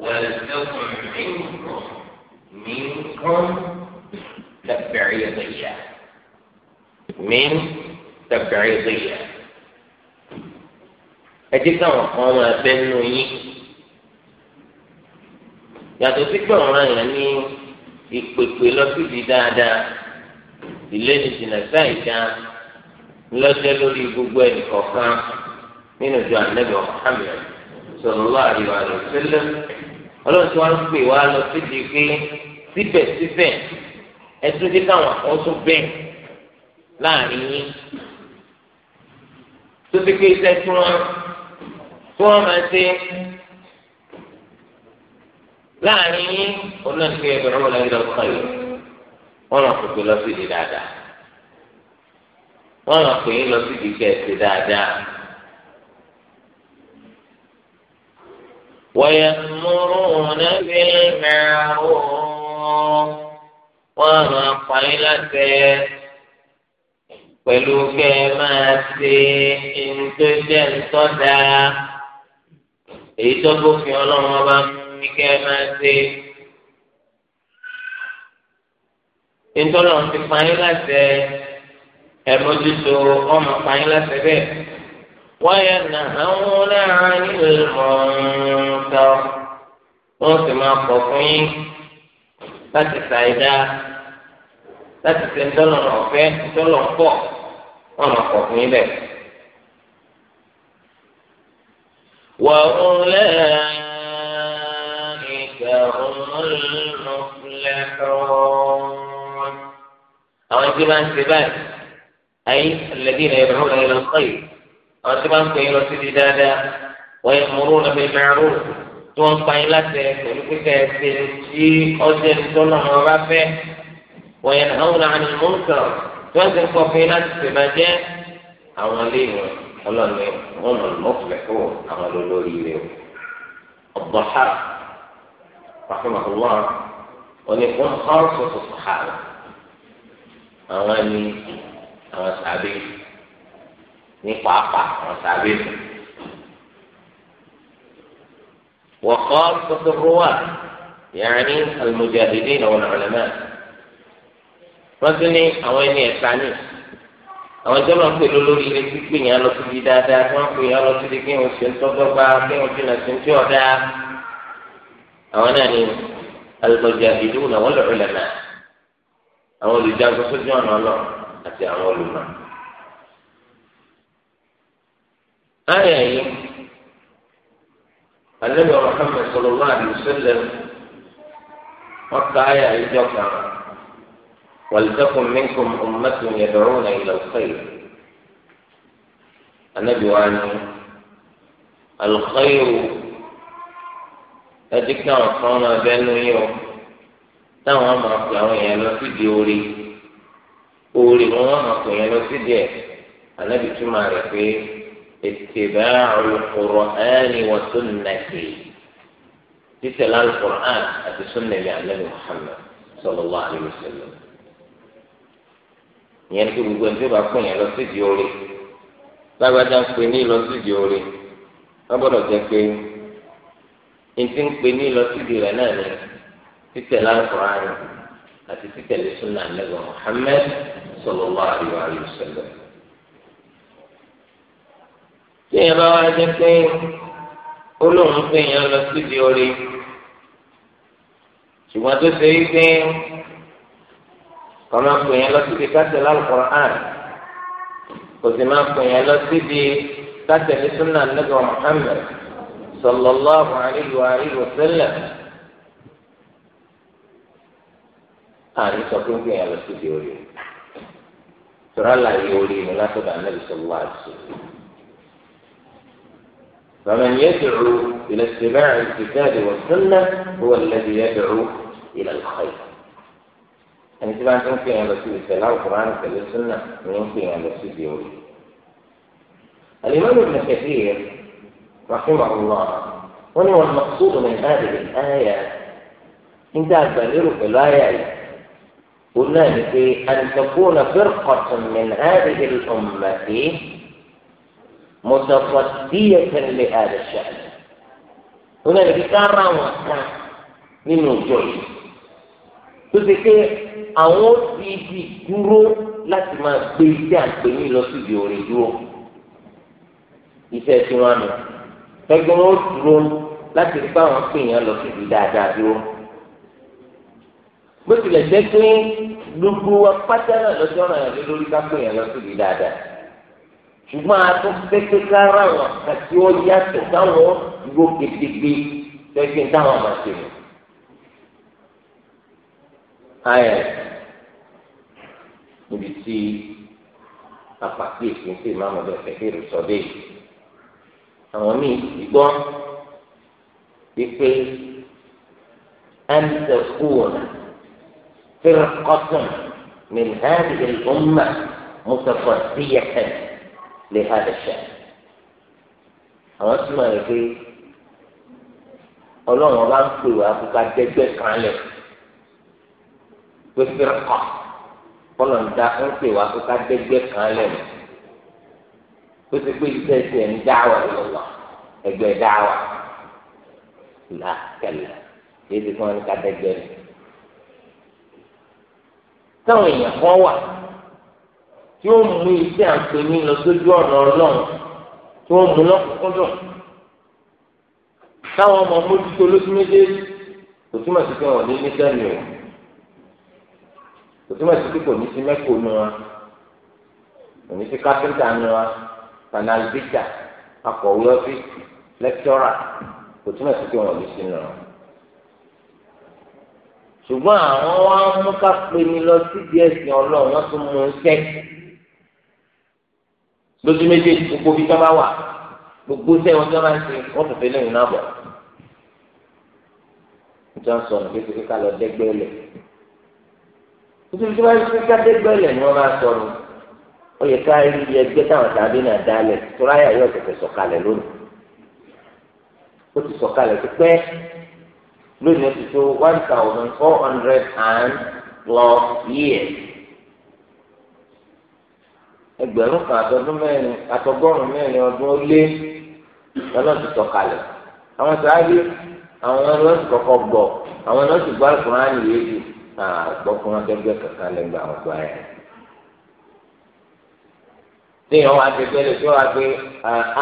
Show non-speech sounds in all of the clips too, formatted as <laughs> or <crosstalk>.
ولتكن منكم منكم تبعيضية من تبعيضية أجيك وقام بنوي yàtọ̀ sí pé ọ̀ràn yẹn ní ìpèpè lọ́sídìí dáadáa ìlénu jìnnà sáìdá ńlọ́jẹ́ lórí gbogbo ẹnì kọ̀ọ̀kan nínú ìjọ ànábì Muhammad sallallahu alaihi wa sallam ọlọ́run tí wọ́n ń pè wá lọ síbi pé síbẹ̀síbẹ̀ ẹtún dé káwọn kan tún bẹ́ẹ̀ láàrin yín tó ti pé iṣẹ́ tí wọ́n tí wọ́n máa ṣe láàrin yín ọlọ́run tí ẹgbẹ̀rún wọn lọ́wọ́ lọ́wọ́ kan yìí wọ́n lọ pèpè lọ sí ìdí dáadáa wọ́n lọ pè yín lọ sí ìdí kẹ́ẹ̀sì dáadáa. ويأمرون بالمعروف وما قيلته pẹ̀lú kẹ́ ẹ máa ṣe ẹni tó jẹ́ ńtọ́da èyí tó bófin ọlọ́run ọba ní kẹ́ ẹ máa ṣe ńtọ́lọ́run ti pa yín láṣẹ ẹ̀ ọmọ pa láṣẹ bẹ́ẹ̀. وينهون عن المنكر wọ́n sì máa pọ̀ fún yín láti ṣàìdá láti ṣe ńdọ́lọ̀ ọ̀fẹ́ وأولئك هم المفلحون أو أنت ما أنت أي الذين يدعون إلى الخير àwọn tí wọ́n ń pè é lọ síbi dáadáa wọ́n yẹ mọ́rú nàbẹ̀ mẹ́rù tí wọ́n ń pa yín láti pẹ̀lú pípẹ́ ẹsẹ̀ tí ọjọ́ ìtọ́nà wọn bá fẹ́ wọ́n yẹ àwọn àni mọ́ńkà tí wọ́n ti ń kọ́ pé láti pè máa jẹ́ àwọn ilé ìwọ̀n ọlọ́ni wọn lọ mọ́kùnrin fún àwọn olórí ilé ọ̀bọ̀n rahimahullah oni kun kharsu sahaba àwọn ni àwọn sahabi ní pàápàá àwọn sàbẹ̀ fún. وخاصة الرواة يعني المجاهدين والعلماء رجلي أو إني أسعني àwọn ìjọba ń pè lólórí ilé pípé yẹn lọ síbi dáadáa tí wọn pè yẹn lọ síbi kí wọn ṣe ń tọgbọgba kí wọn jìnnà sí ti ọdá àwọn náà ni al-mujahidun wal ulama àwọn olùjagun sójú ọ̀nà ọlọ àti àwọn olùmọ̀. آية يعني النبي محمد صلى الله عليه وسلم وقع آية يجوكا ولتكن منكم أمة يدعون إلى الخير النبي وعني الخير أديك أصلا بأنه يوم táwọn máa pè àwọn èèyàn lọ sídìí orí orí wọn máa pè èèyàn lọ sídìí اتباع القرآن وسنتي تتلى القرآن أتي سنة النبي محمد صلى الله عليه وسلم يعني كل يقول أنت بقى كوني لو سيديولي لا بد أن كوني لو سيديولي ما بدو تكوني أنت كوني لو سيديولي ناني تتلى القرآن أتي تتلى سنة النبي محمد صلى الله عليه وسلم tí èèyàn bá wá jẹ́ pé ó lóun pé èèyàn lọ síbi orí ṣùgbọ́n tó ṣe é pé kọ́má pè yẹn lọ síbi kátẹ́ lálùkùránì kò sì máa pè yẹn lọ síbi kátẹ́ ní súnà nígbà Muhammad sallallahu alayhi wa alayhi wa sallam àní sọ pé ń pè yẹn lọ síbi orí sọ̀rọ̀ àlàyé orí ni látọ̀dọ̀ ànábì sallallahu alayhi wa فمن يدعو إلى اتباع الكتاب والسنة هو الذي يدعو إلى الخير يعني tí bá أن يصير fi القرآن lọ sí ìṣẹ̀lẹ̀ àwòrán pẹ̀lú الإمام ابن كثير رحمه الله هنا المقصود من هذه الآية أنت أتبرر بالآية قلنا أن تكون فرقة من هذه الأمة متصدية لهذا الشأن هنالك كارا وكان من الجوي تذكر àwọn ti di dúró láti máa gbé iṣẹ́ àgbẹ̀ mi lọ síbi òrè dúró iṣẹ́ tí wọ́n á nù ẹgbẹ́ wọn ó dúró láti rí báwọn pè yẹn lọ síbi dáadáa dúró bó tilẹ̀ jẹ́ pé gbogbo apáta náà lọ́jọ́ náà lórí ká pè yẹn lọ síbi dáadáa ṣùgbọ́n a tún pété kára wọn àti ó yàtọ̀ táwọn ìwò gbẹgbẹgbẹ lẹ́gbẹ̀ẹ́ táwọn máa ṣe mọ́. ayẹ níbi tí apàtì ìpínsì máa mọ̀ lọ́sẹ̀ kí èrò sọ́dẹ̀ yìí àwọn míì ti gbọ́ wípé ẹnìtẹ̀ kúwọ̀nà fẹ́rẹ̀ kọ́tùn min hadihi al-umma mutafasiyatan لهذا الشأن àwọn tí màá yẹ pé ọlọ́run ọba ń pè wá kó ká dẹ́gbẹ́ kan lẹ̀ pé fíràkà kọ́lọ̀ ń da ń pè wá kó ká dẹ́gbẹ́ kan lẹ̀ pé ṣe pé iṣẹ́ ti ẹ̀ ń dá wà lọ́wọ́ ẹgbẹ́ dá là kẹlẹ̀ èyí ti fún wọn ká dẹ́gbẹ́ rẹ̀ táwọn èèyàn kan wà tí ó mú iṣẹ́ àǹfààní lọ sójú ọ̀nà ọlọ́run tí ó mú lọ́kùnkúndùn táwọn ọmọ mójútó lóṣù méjèèjì kò túmọ̀ sí pé wọ́n ní ní sẹ́mi o kò túmọ̀ sí pé kò ní sí mẹ́kọ̀ọ́ nu wa kò ní sí kápẹ́ńtà nu wa panalbíkà akọ̀wé ọ́fíìsì lẹ́kítọ́rà kò túmọ̀ sí pé wọ́n ní sí nu ṣùgbọ́n àwọn wa mú ká pè mí lọ sí díẹ̀ ọlọ́run wọ́n tún mú un sẹ́kì lójú méjèèjì gbogbo bí sábà wà gbogbo sẹ wọn sábà ń ṣe wọn tún fẹlẹ ìrìn àbọ níta sọ ọ̀nà pé kíkà lọ dẹ́gbẹ́ lẹ̀ títí tí wọ́n ti ká dẹ́gbẹ́ lẹ̀ ni wọ́n máa sọ̀rọ̀ ó yẹ ká rí iye ẹgbẹ́ táwọn tàbí náà dálẹ̀ tóráyà yóò tẹ̀tẹ̀ sọ̀kalẹ̀ lónìí ó ti sọ̀kalẹ̀ ti pẹ́ lónìí ó ti tó one thousand four hundred and plus years ẹgbẹ̀rún kan àtọdún mẹ́rin àtọgọ́rùn mẹ́rin ọdún ó lé lọ́nà ti tọ̀kalẹ̀ àwọn sáré àwọn ẹni wọ́n ti kọ́kọ́ gbọ́ àwọn ẹni wọ́n ti gbọ́ àkùnrin àyè yéjì àgbọ̀ fún wọn gẹ́gẹ́ kankan lẹ́gbẹ̀ẹ́ àwọn ọgbà yẹn. téèyàn wá ti gbẹ́lẹ̀ tí wọ́n wá pé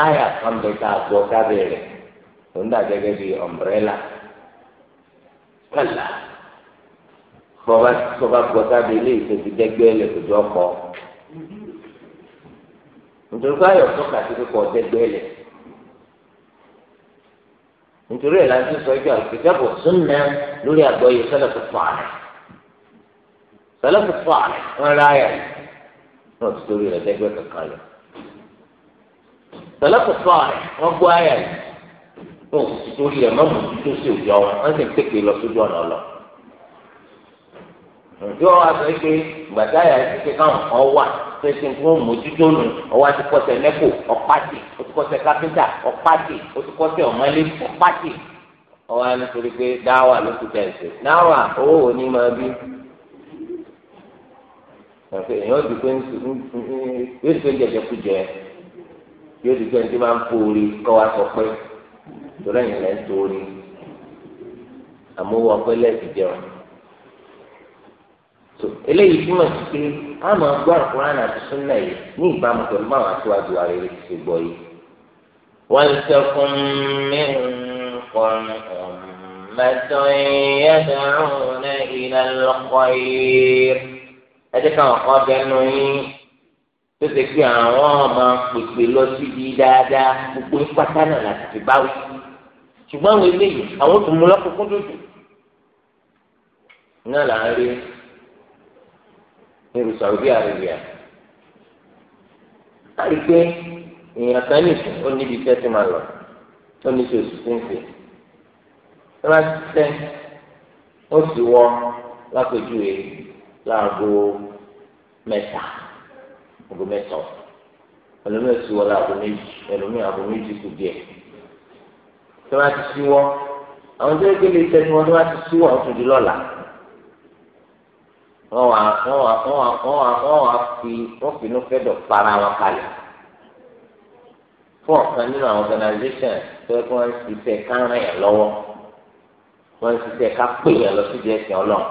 àyà kan bẹ tá a gbọ́ kábẹ̀rẹ̀ ló ń dà gẹ́gẹ́ bíi ọ̀mbrẹ́là kàlà bọ́ba gbọ́ kábẹ̀rẹ̀ ilé ìtòsí dẹ́gbẹ́lẹ̀ kò jọ kọ́ nítorí káyọ̀ tó kà sí kíkọ́ ọ̀dẹ́gbẹ́ lẹ̀ nítorí ẹ̀ la ti sọ ìgbà ìkẹ́kọ̀ọ́ súnmọ́ lórí àgbọ̀yé sẹ́lẹ̀kù fàánù sẹ́lẹ̀kù fàánù ń ra ayà náà ti torí rẹ̀ dẹ́gbẹ́ kankan lọ sẹ́lẹ̀kù fàánù wọ́n gbọ́ ayà yìí wọn kò sì torí rẹ̀ mọ́mú tó sì òjò wọn wọ́n sì ń pèpè lọ sójú ọ̀nà lọ yóò wá gbàdáyà ti pèsè nǹkan mójútó nù ọwọ́ àti kọ́sẹ̀ nẹ́kò ọ̀pátì ó ti kọ́sẹ̀ kápẹ́ntà ọ̀pátì ó ti kọ́sẹ̀ ọ̀mọ́lé ọ̀pátì ọwọ́ àti nítorí pé dáwà ló ti tẹ̀sí dáwà owó wo ni máa bí pàṣẹ èèyàn ti pé yóò ti pé jẹjẹ kú jẹ yóò ti pé ní ti máa ń fòrí kọ́ wa sọ pé torí ẹ̀yìn lẹ́ ń torí àmọ́ wọ́n pẹ́ lẹ́ẹ̀sì jẹun eléyìí túmọ̀ sí pé a máa gbọ́ àkùránì àti súnà yìí ní ìbámu pẹ̀lú báwọn aṣáájú wa rere ti gbọ́ yìí. wọ́n ń sẹ́kùn mí nǹkan mẹ́tọ́ yẹ́dọ̀rún ilẹ̀ lọ́kọ̀ yìí. ẹ jẹ́ káwọn kan bẹnu yín tó ṣe pé àwọn ọmọ pèpè lọ síbi dáadáa gbogbo pátá náà láti fi báwí. ṣùgbọ́n àwọn eléyìí àwọn tó mú lọ́kùnkún dúdú. náà là ń rí nílùú Saudi Arabia láì pé èèyàn kan nìkan ó níbi iṣẹ́ tí máa lọ ó ní oṣù tí ń sè é wọ́n ti tẹ́ ó sì wọ́ lápèjúwe láago mẹ́ta aago mẹ́ta ẹlòmíì sì wọ́ láago méjì ẹlòmíì aago méjì kù díẹ̀ tí wọ́n ti sí àwọn tó ń gbélé iṣẹ́ tí wọ́n ti sí ọ̀tún di lọ́la wọn wà wọn wà wọn wà wọn wà wọn wà fi wọn finú fẹ́ dọ̀ para wọn kalẹ̀ fún ọ̀kan nínú àwọn organisation tó yẹ kí wọ́n ti tẹ ká ràn yẹn lọ́wọ́ wọ́n ti tẹ ká pè yẹn lọ síbi ẹ̀sìn ọlọ́run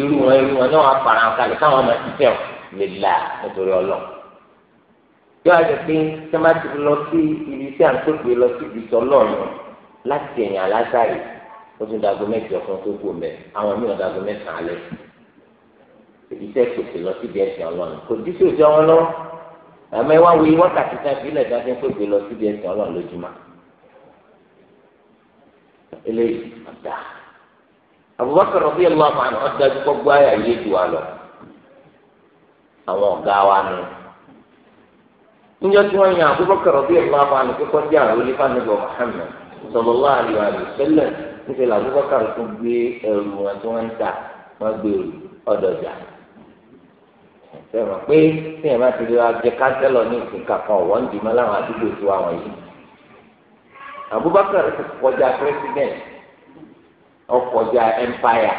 irú wọn irú wọn náà wà para wọn kalẹ̀ káwọn máa ti tẹ̀ lè là nítorí ọlọ́run yóò àjẹ pé sẹ́mátì lọ sí ibi tí à ń pèpè lọ sí ibi tí ọlọ́run láti ẹ̀yìn alásàrè ó tún dago mẹ́jọ fún tó kú mẹ́ àwọn mìíràn dago mẹ́sàn-án lẹ́sìn iṣẹ́ pèsè lọ síbi ẹ̀sìn ọlọ́run kò dín sí òjò wọn lọ́wọ́ àmọ́ ẹ wá wo wákàtí tá a fi lẹ̀ dájú pé gbé lọ síbi ẹ̀sìn ọlọ́run lójúmọ́ eléyìí ọ̀dà Abubakar radiyallahu anhu ọ̀dà tó gbọ́ ayà yé ju wa lọ àwọn ọ̀gá wa nù níjọ́ tí wọ́n yan Abubakar radiyallahu anhu kíkọ́ jẹ́ àrùn olífà nígbà Muhammad sallallahu alaihi wa sallam níṣẹ́ làbúbakar tó gbé ẹrù wọn tí wọ́n ń ta sẹ́wọ̀n pé tí ẹ̀ máa ti rí wa jẹ kánsẹ́lọ̀ ní ìsìnká kan ọ̀wọ́ ń dìímọ̀ láwọn àdúgbò tí wà wọ̀nyí. Abubakar ti kọjá president ọkọjá empire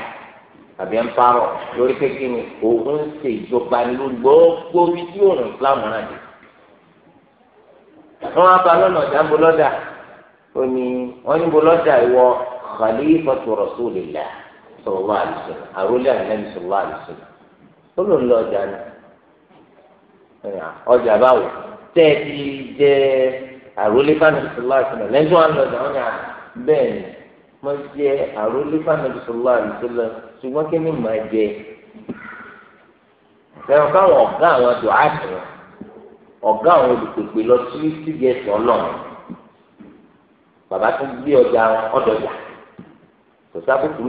àbí empire lórí kékeré ni òun ń ṣe ìjọba nílùú gbogbo bí tí òun náà dé. wọ́n á ba lọ́nà ọ̀dà ń bo lọ́dà ó ní wọ́n ní bo lọ́dà ìwọ khalifatu rasulillah sallallahu alaihi wasallam àròlé àlẹ́ sallallahu alaihi wasallam ń lọ ọjà náà. ọjà báwò tẹ ẹ ti jẹ àròlé fanabisọlá àtúnà wọn àwọn bẹ́ẹ̀ ni mo jẹ́ àròlé fanabisọlá àtúnà ṣùgbọ́n kí ni màá jẹ fẹ́ràn káwọn ọ̀gá àwọn ọ̀gá àwọn olùpèpè lọ sí ọlọ́run bàbá tó gbé ọjà ọdọjà kò sábùkù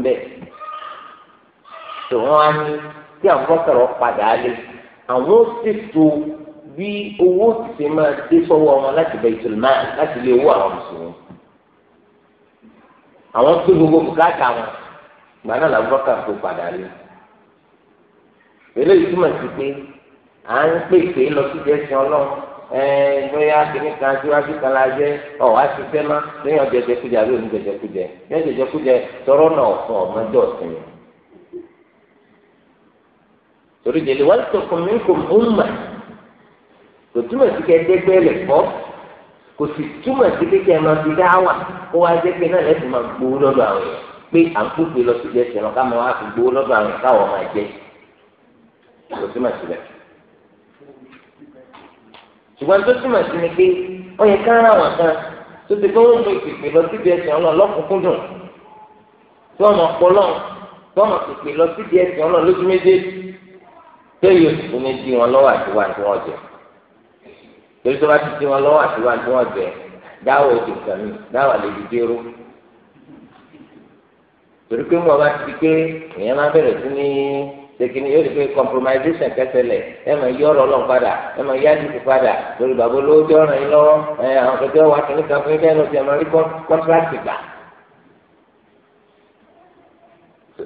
àwọn ó ṣètò bí owó ti ṣe máa dé sọ́wọ́ wọn láti Baitul Mal láti lè wó àwọn mùsùlùmí àwọn tó gbogbo bùkátà wọn ìgbà náà làbúrọ́kà tó padà rí eléyìí túmọ̀ sí pé à ń pèsè lọ sí ẹ̀sìn ọlọ́run bóyá kìnnì kan síwájú kan la jẹ ọ wá ti fẹ́ má lẹ́yìn ọ̀jẹ̀jẹ̀kújẹ àbí oníjẹ̀jẹ̀kújẹ lẹ́yìn ọ̀jẹ̀jẹ̀kújẹ tọrọ náà fún ọmọdé ọ̀sìn yẹn torí délé wọn tó kún mí kò mú mà kò túmọ̀ sí kẹ́ dẹ́gbẹ́ lẹ̀ fọ́ kò sì túmọ̀ sí kẹ́ kẹ́ máa fi dá wà kó wá jẹ́ pé náà lẹ́sìn máa gbowó lọ́dọ̀ àwọn èèyàn pé à ń pèpè lọ sí ẹsẹ̀ náà ká máa wá fi gbowó lọ́dọ̀ àwọn èèyàn káwọn máa jẹ́ kò túmọ̀ sí bẹ́ẹ̀. ṣùgbọ́n tó túmọ̀ sí ni pé wọ́n yẹ ká ara kan tó ti pé wọ́n mú ìpèpè lọ sí ẹsẹ̀ ọ̀nà lọ́kùnkúndùn tí wọ́n mọ̀ pọ̀ lọ́n tí wọ́n mọ̀ pèpè lọ sí ẹsẹ̀ kéèyàn tó ní di wọn lọ́wọ́ àti wọn tí wọ́n jẹ torí tó bá ti di wọn lọ́wọ́ àti wọn tí wọ́n jẹ dáwọ̀ ètò ìkànnì dáwọ̀ àlejò dérò torí pé mo bá ti di pé èèyàn máa bẹ̀rẹ̀ sí ní sekini yóò di pé compromisation kẹsẹlẹ ẹ máa yí ọ̀rọ̀ lọ padà ẹ máa yí àdìsí padà lórí bàbá olówó jọ ràn yín lọ́wọ́ ẹ àwọn kẹkẹ wà kí ní kan fún ẹgbẹ́ ẹlọsì ẹ máa rí kọńtrakì gbà.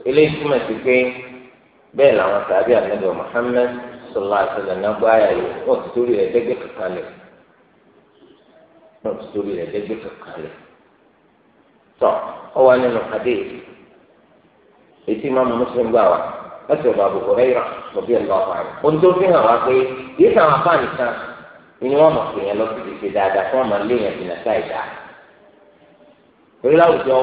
eléyìí túmọ̀ sí pé bẹ́ẹ̀ làwọn sàbí ànábì Muhammad sọlá àtẹlẹ nàgbà ayà yìí wọn ti torí rẹ̀ dẹgbẹ kankan lẹ wọn ti torí rẹ̀ dẹgbẹ kankan tọ ọ wà nínú adé etí mọ́mú Muslim gbà wá ọba ọ̀dọ̀ Abu Hurairah lọ́bí ẹ̀ lọ́wọ́ àná ohun tó fi hàn wá pé yìí sàn kan ni wọ́n mọ̀ pé lọ sí ìdíje dáadáa fún ọmọ ilé yẹn ìdìnnà sáì dáa torí láwùjọ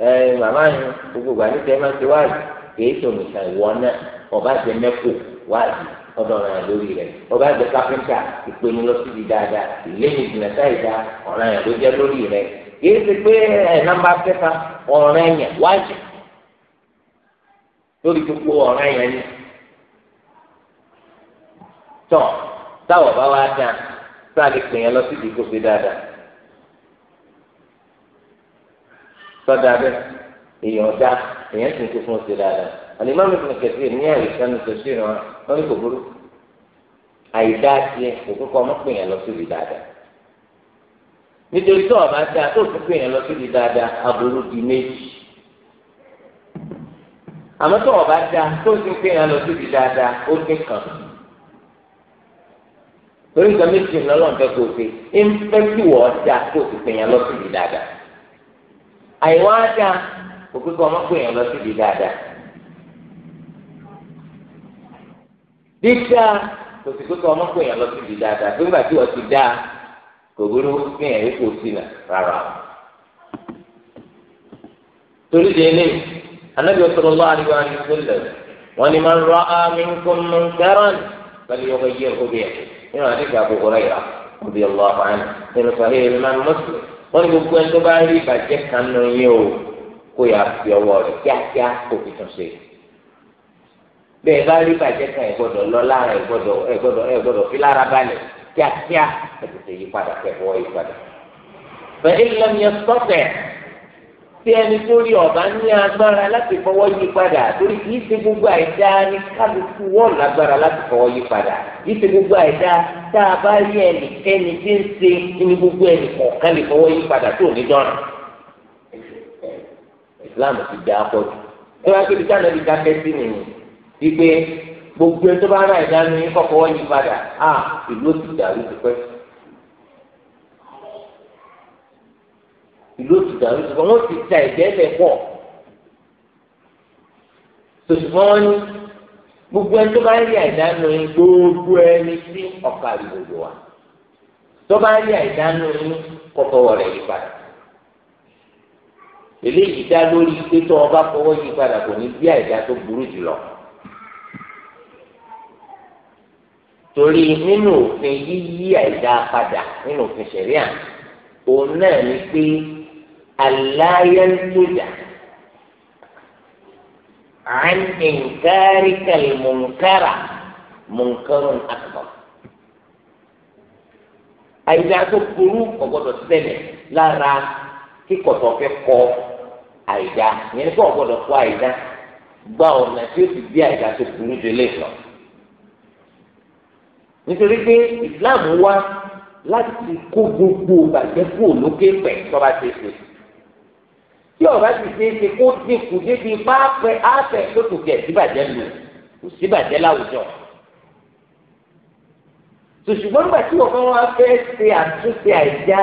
ẹ màmá yẹn gbogbo ìgbà níta ẹ máa ti wáàdì kìí ṣe òmìnira ìwọ náà ọba jẹ mẹkù wáàdì ọdọ ọ̀ràn lórí rẹ ọba jẹ káfíńtà ìpinnu lọ síbi dáadáa ìléyìn ìdìnnà táyìdá ọ̀ràn yẹn ló jẹ lórí rẹ kìí ṣe pé ẹ nàmbà kẹta ọ̀ràn yẹn wáàdì lórí gbogbo ọ̀ràn yẹn ni tọ táwọn bá wá sáà lè pè yẹn lọ síbi kó sọ́dà bẹ́ẹ̀ èèyàn dá èèyàn sì fún un dáadáa àlìmọ́ fún kẹ̀kẹ́ ní àyíkánu tó ṣe ràn wọ́n ní kò burú àyíká yẹn lọ síbi dáadáa nítorí tó ọba tó yẹn lọ síbi dáadáa di méjì tó ọba tó yẹn lọ síbi dáadáa ó dín kan torí nǹkan méjì ń fẹ́ kí wọ́n tó àìwá dá òpin kọ́ ọmọkùnrin yẹn lọ síbi dáadáa. dídá kò sì pín kọ́ ọmọkùnrin yẹn lọ síbi dáadáa pé nígbà tí wọ́n ti dá kò burú pín yẹn yóò kó sílẹ̀ rárá. torí de ní anábìyẹ sọ̀rọ̀ lọ́wọ́ àdìgbò àdìgbò sílẹ̀ wọ́n ní máa ń rọ àmì nǹkan mọ̀ nkẹ́rán pẹ̀lú yọkọ̀ yẹ òbí ẹ̀ nínú àdìgbà àbúkọ̀ rẹ̀ yà òbí ọlọ́ọ̀ wọn ní gbogbo ẹni tó bá rí ìbàjẹ́ kan nù yín o kó yà fi ọwọ́ rẹ̀ kíákíá kó fi tún ṣe bẹ́ẹ̀ bá rí ìbàjẹ́ kan ẹ gbọ́dọ̀ lọ lára ẹ gbọ́dọ̀ ẹ gbọ́dọ̀ ẹ gbọ́dọ̀ fi lára balẹ̀ kíákíá ẹ tètè yí padà kẹfọ yí padà. fẹ ilẹ̀ mi sọ́tẹ̀ tí ẹni tó rí ọba ní agbára láti fọwọ́ yí padà torí kì í ṣe gbogbo àìdá ní kálukú wọ́n lágbára láti fọwọ́ yí padà kì í ṣe gbogbo àìdá tá a bá rí ẹnikẹ́ni tí ń ṣe ní gbogbo ẹnì kọ̀ọ̀kan lè fọwọ́ yí padà tó ní dọ́rùn. Islam ti dá a pọ̀ jù ẹ wá kébi táwọn ẹbí dákẹ́ sí nìyí wípé gbogbo ẹ tó bá rà ẹ̀dá ní kọ́kọ́ yí padà ìlú ó ti dàrú ti pẹ́ sí. ìlú òtù dàrú ṣùgbọ́n wọ́n ti ta ẹ̀jẹ̀ lẹ̀ pọ̀ tòṣùgbọ́n wọn ní gbogbo ẹni tó bá rí àìdánù yín gbogbo ẹni sí ọ̀ka ìgbòho wa tó bá rí àìdánù yín kọ́kọ́wọ́ rẹ̀ yí padà eléyìí dá lórí pé tó ọba fọwọ́ yí padà kò ní bí àìdá tó burú jùlọ. torí nínú òfin yíyí àìdá padà nínú òfin ṣẹ̀ríà òun náà ni pé aláyẹ̀ntújà àn ìnkárikàl mùnkárà mùnkárùn akbar. àyíká tó burú ọ̀gbọ́dọ̀ ṣẹlẹ̀ lára kíkọ̀tọ̀ fẹ́ kọ àyíká yẹn ní kó ọ̀gbọ́dọ̀ kọ àyíká gba ọ̀nà tí ó ti bí àyíká tó burú délé lọ. nítorí pé ìsìláàmù wá láti kó gbogbo bàjẹ́ kúrò lókè pẹ̀ tọ́ba ṣe ṣe tí ọba ti ṣe é ṣe kó dínkù débi pápẹ ápẹ tó tó kẹ síbàjẹ́ lò kò síbàjẹ́ láwùjọ. sòṣùgbọ́n nígbà tí ọ̀kan wa fẹ́ ṣe àtúnṣe àìjá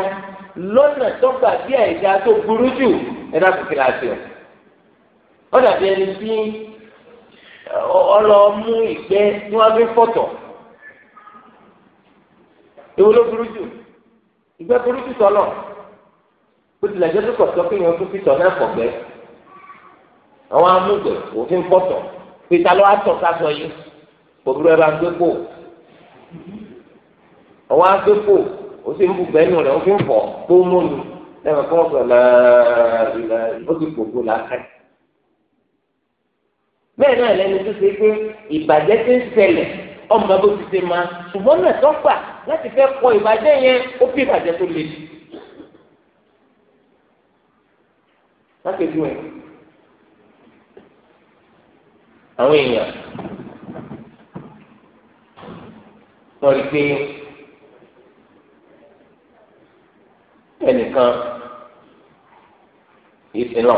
lọ́nà tọ́gbà bí àìjá tó burú jù ẹ dá kòkè láti ọ̀. ó dàbí ẹni tí ọlọ́mú ìgbẹ́ tí wọ́n fi fọ̀tọ̀. èwo ló burú jù ìgbẹ́ burú jù sọ́lọ̀ bó tilẹ̀ jẹ́ pípọ̀ sọ pé yẹn tún pítọ̀ náà fọ̀gbẹ́ àwọn amúgbẹ̀ òfin pọ̀tọ̀ pété alọ́ àtọ̀ sásọ yìí òbúrò ẹ̀ bá gbé pò àwọn agbé pò ó sì ń bu bẹ́ẹ̀nù rẹ̀ òfin fọ̀ tó mọ́nu lẹ́yìn kọ́ sọ lẹ́ẹ̀ẹ́dẹ́gbẹ̀rẹ́ ó ti gbogbo làákàyè bẹ́ẹ̀ náà lẹ́nu tó ṣe pé ìbàjẹ́ ti ń ṣẹlẹ̀ ọmọ bó ti ṣe máa ṣùgbọ́n náà tó gbà láti fẹ́ kọ ìbàjẹ́ yẹn ó fi ìbàjẹ́ tó le lákèjú ẹ̀ àwọn èèyàn wọ́n rí pé ẹnìkan kì í sin lọ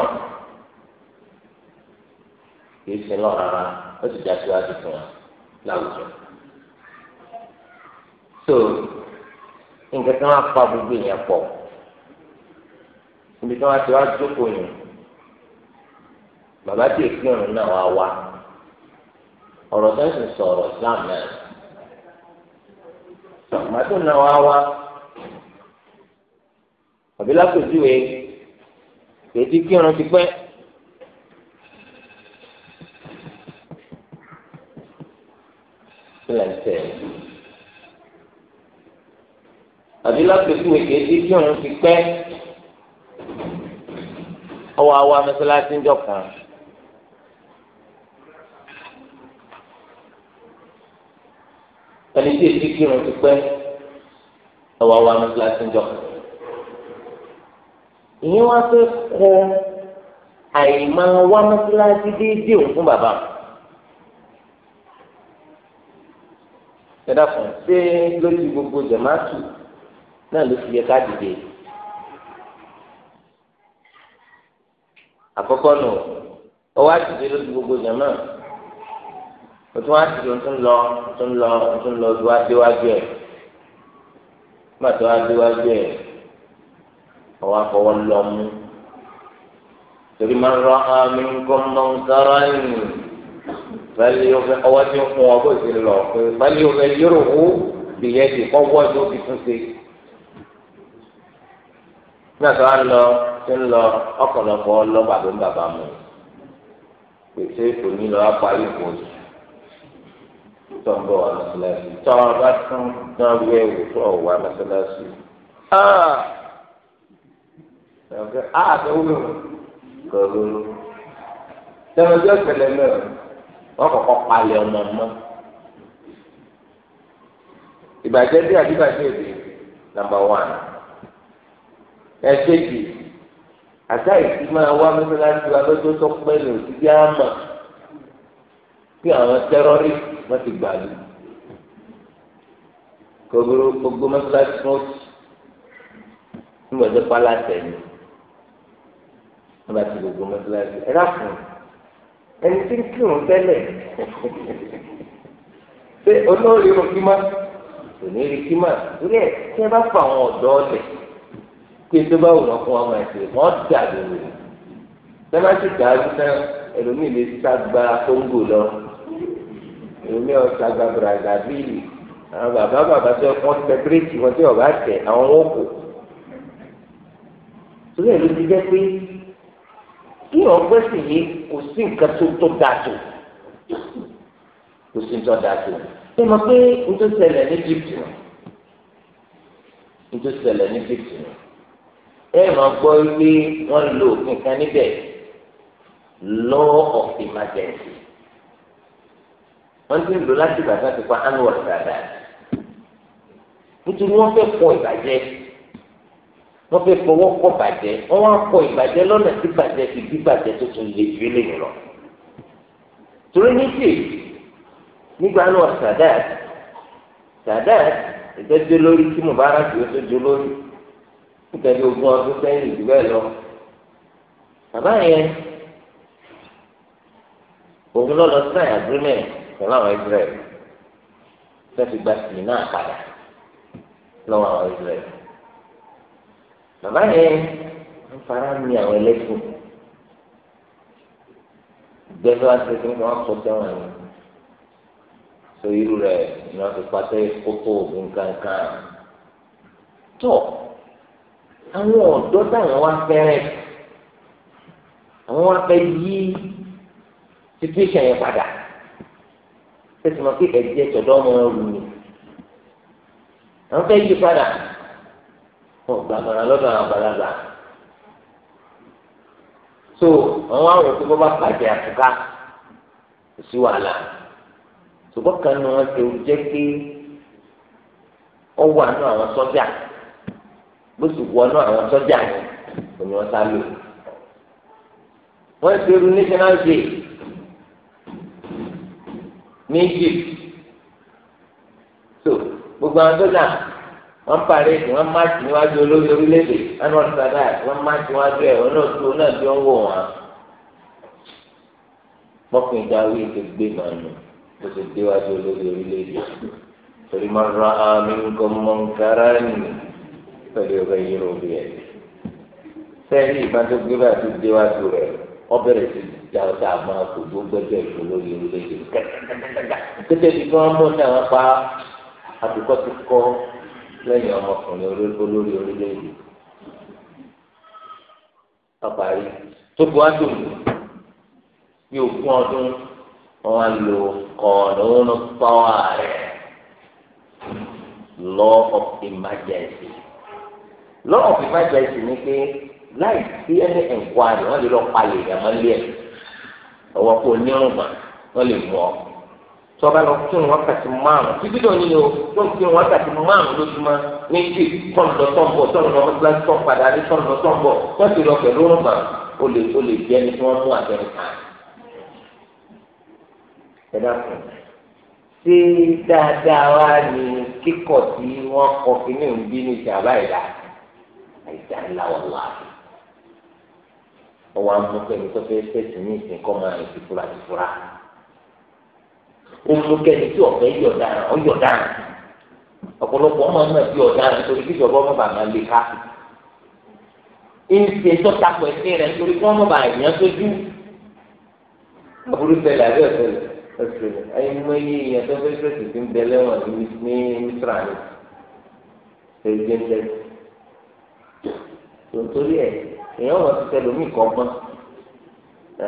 kì í sin lọ rárá ó sì já síwájú fún wa láwùjọ so nǹkan tí wọ́n á fa gbogbo èèyàn pọ̀ níbi tí wọ́n á ti wá jókòó yìí. bàbá tí èkpé òun náà wá wá ọ̀rọ̀ tó ń sìn sọ islam náà bàbá náà wá wá àbí lápèjúwe kèétí kí irun ti pẹ́ sílẹ̀ ń tẹ̀ àbí ti pẹ́ ọwọ́ àwa ń jọ kàn án. ẹni tí èsì kírun ti pẹ́ ẹwà wa ní kíláàsì jọ. ìyẹn wá fẹ́ kọ àìmọ̀ wá mọ́síláṣí déédéé òun fún bàbá mi. ẹ̀dá fún ṣé lójú gbogbo jẹ̀mátù náà ló fi yẹ ká dìde. àkọ́kọ́ nù ọwọ́ àtìdé lójú gbogbo jẹ̀mátù o tún wá sí o tún lọ o tún lọ o tún lọ o wá déwájú ẹ nígbà tó wá déwájú ẹ ọwọ́ afọwọ́ lọ mú torí máa ń rọ àmì nǹkan mọ nǹkan ẹ̀yìn pẹ̀lú ọfẹ ọwọ́ tí ń fún ọ bó ti lọ pé pẹ̀lú ọfẹ yóò hó bìyẹn ti kọ wọ́ọ̀dù ti tún ṣe nígbà tó wá lọ ti ń lọ ọ̀pọ̀lọpọ̀ lọ bàbá ń bàbá mu pèsè òní lọ wá parí ìkòsí. tó ń bọ̀ wá mọ́sálásí tó ọ bá tún dán wí ẹ̀wò tó ọ̀ wá mọ́sálásí. a tó wúlò kò lóru tẹnudọ́ ìpìlẹ̀ mẹ́rin wọ́n kọ́kọ́ palẹ̀ ọmọ mọ́ ìbàjẹ́ bí àdìbàjẹ́ èdè nàmbà wán ẹ̀ṣẹ́jì àtà ìsì máa wá mọ́sálásí wa tó pẹ́ lòdì bí a mọ̀ bí àwọn tẹ́rọ́rìsì. wọ́n ti gbàlú kòkòrò gbogbo mọ́tíláṣí fún òsì nígbà tó pálá tẹ̀lé wọ́n bá ti gbogbo mọ́tíláṣí ẹ dákun ẹni tí ń kírun tẹ́lẹ̀ <laughs> ṣé olórí irun kí má kò ní rí kí má torí ẹ tí ẹ bá fa àwọn ọ̀dọ́ ọ̀lẹ̀ kí ẹ tó bá wù lọ́kùn ọmọ ẹ̀sìn wọ́n dà lóru tẹ́lá sì dàrú tán ẹlòmíì lè sá gba kóńgò lọ èmi ọ̀sà gbàgbọ́ra gàbíìlì àwọn bàbá bàbá tó wọ́n tẹ bírèkì wọn tí ọ̀bá tẹ àwọn wọn kù. sórí ẹ̀lú ti jẹ́ pé kí ọ̀gbẹ́ sì yé kò sí nǹkan tó tó dáa tó kò sí nǹkan tó dáa tó. ṣé mo pé n tó ṣẹlẹ̀ ní Egypt nù n tó ṣẹlẹ̀ ní Egypt nù ẹ máa gbọ́ pé wọ́n lo òfin kan níbẹ̀ law of emergency wọ́n ti ń lò láti bàtà ti pa annual dáadáa nítorí wọ́n fẹ́ kọ ìbàjẹ́ wọ́n fẹ́ fọwọ́ kọ bàjẹ́ wọ́n wá kọ ìbàjẹ́ lọ́nà tí bàjẹ́ ti bí bàjẹ́ tó tún lè ju eléyìí lọ torí ní tì nígbà náà sadat sadat ìtẹ́jú lórí tí mubarak yóò tó ju lórí nítorí ogún ọdún sẹ́yìn ìdúgbò ẹ̀ lọ bàbá yẹn òun lọ lọ sign agreement pẹ̀lú àwọn Israẹli fẹ́ẹ́ fi gba sí náà padà lọ́wọ́ àwọn Israẹli bàbá yẹn ń fara mi àwọn ẹlẹ́sìn gbẹdọ àti ẹsìn kí wọn sọ sẹ́wọ̀n ni so irú rẹ ni wọn fi pàṣẹ kókó ògùn kankan tó àwọn ọ̀dọ́ táwọn wá fẹ́rẹ̀ àwọn wá fẹ́ yí situation yẹn padà tẹsí ma pé ẹ̀jẹ̀ tọ̀dọ̀ ọmọ ẹrù ni àwọn fẹ́ yí padà wọn gbà mọ̀ràn lọ́dọ̀ àwọn àgbàlagbà so àwọn àwọn òkú bọ́bá bàjẹ́ àtúká kò sí wàhálà ṣùgbọ́n kan ní wọn ṣe jẹ́ pé ọ wà nù àwọn sọ́jà bó sì wọ nù àwọn sọ́jà yẹn kò ní wọn sá lò wọn ṣe irú national day ní Egypt so gbogbo àwọn sójà wọn parí wọn máàkì níwájú olórí orílẹ̀-èdè anwar sadat wọn máàkì níwájú ẹ wọn náà tó náà tó ń wò wọn mọkùnrin dáwé ti gbé màánu tó ti déwájú olórí orílẹ̀-èdè torí máa ra àmì nǹkan mọ̀nkárá nìyí pẹ̀lú ọ̀rẹ́ yìí bí ẹ̀ sẹ́yìn ìbátan gbé bá ti déwájú rẹ̀ ọbẹ̀rẹ̀ sí ìjà ọ̀tá àmọ́ àkójọ gbẹ́jọ́ ìlú lórí orílẹ̀-èdè kẹ́kẹ́kẹ́kẹ́kẹ́ kété bí wọ́n mú náà wọ́n pa àtúkọ́ ti kọ́ lẹ́yìn ọmọkùnrin olórí orílẹ̀-èdè ọparí tó bu adùn bí ogún ọdún wọn lò law of emergency law of emergency ni láì sí ẹni ẹ̀ǹkwari wọ́n lè lọ palẹ̀ ìyàmọ́ lé ẹ̀ ọwọ́ kò ní ọ̀rùnmá wọ́n lè mú ọ. tọ́ba lọ kí wọn kàti márùn títí tó ní tó ń kí wọn kàti márùn lójúmọ́ ní kí tọ́ǹdọ̀ tọ́ǹbọ̀ tọ́ǹdọ̀ mọ́tíláṣí tọ́ǹ padà ní tọ́ǹdọ̀ tọ́ǹbọ̀ wọ́n ti lọ pẹ̀lú ọ̀rùnmá o lè o lè jẹ́ ẹni tí wọ́n mú àtẹ̀rẹ̀ kan. ẹ dáadáa wá ní kíkọ̀ tí wọ́n kọ kínní òun bí ní ìṣàbá ìdá àìdá ńlá wọn láàbù ọwọ́ amú pẹ̀lú tó fẹ́ fẹ́sì ní ìsìn kọ́ máa rìn tìfura tìfura ó mú kẹ́ni tí ọ̀fẹ́ yọ̀ dára ó yọ̀ dára ọ̀pọ̀lọpọ̀ ọmọ náà bí ọ̀daràn nítorí kí ìjọba ọmọ bàbá lè ká ìṣe tó takò ẹsẹ̀ rẹ̀ nítorí kí ọmọ bàbá èèyàn tó dú burúkẹ́lẹ̀ àbẹ́ ọ̀sẹ̀lẹ̀ ọ̀sẹ̀lẹ̀ ẹ̀yin mú iye èèyàn tó fẹ́ fẹ́ tuntun bẹ lẹ́wọ̀n ní mísírà ni ṣèjẹ́jẹ́ tòǹtòrí ẹ̀ èèyàn wọn ti tẹ lómi kọgbọn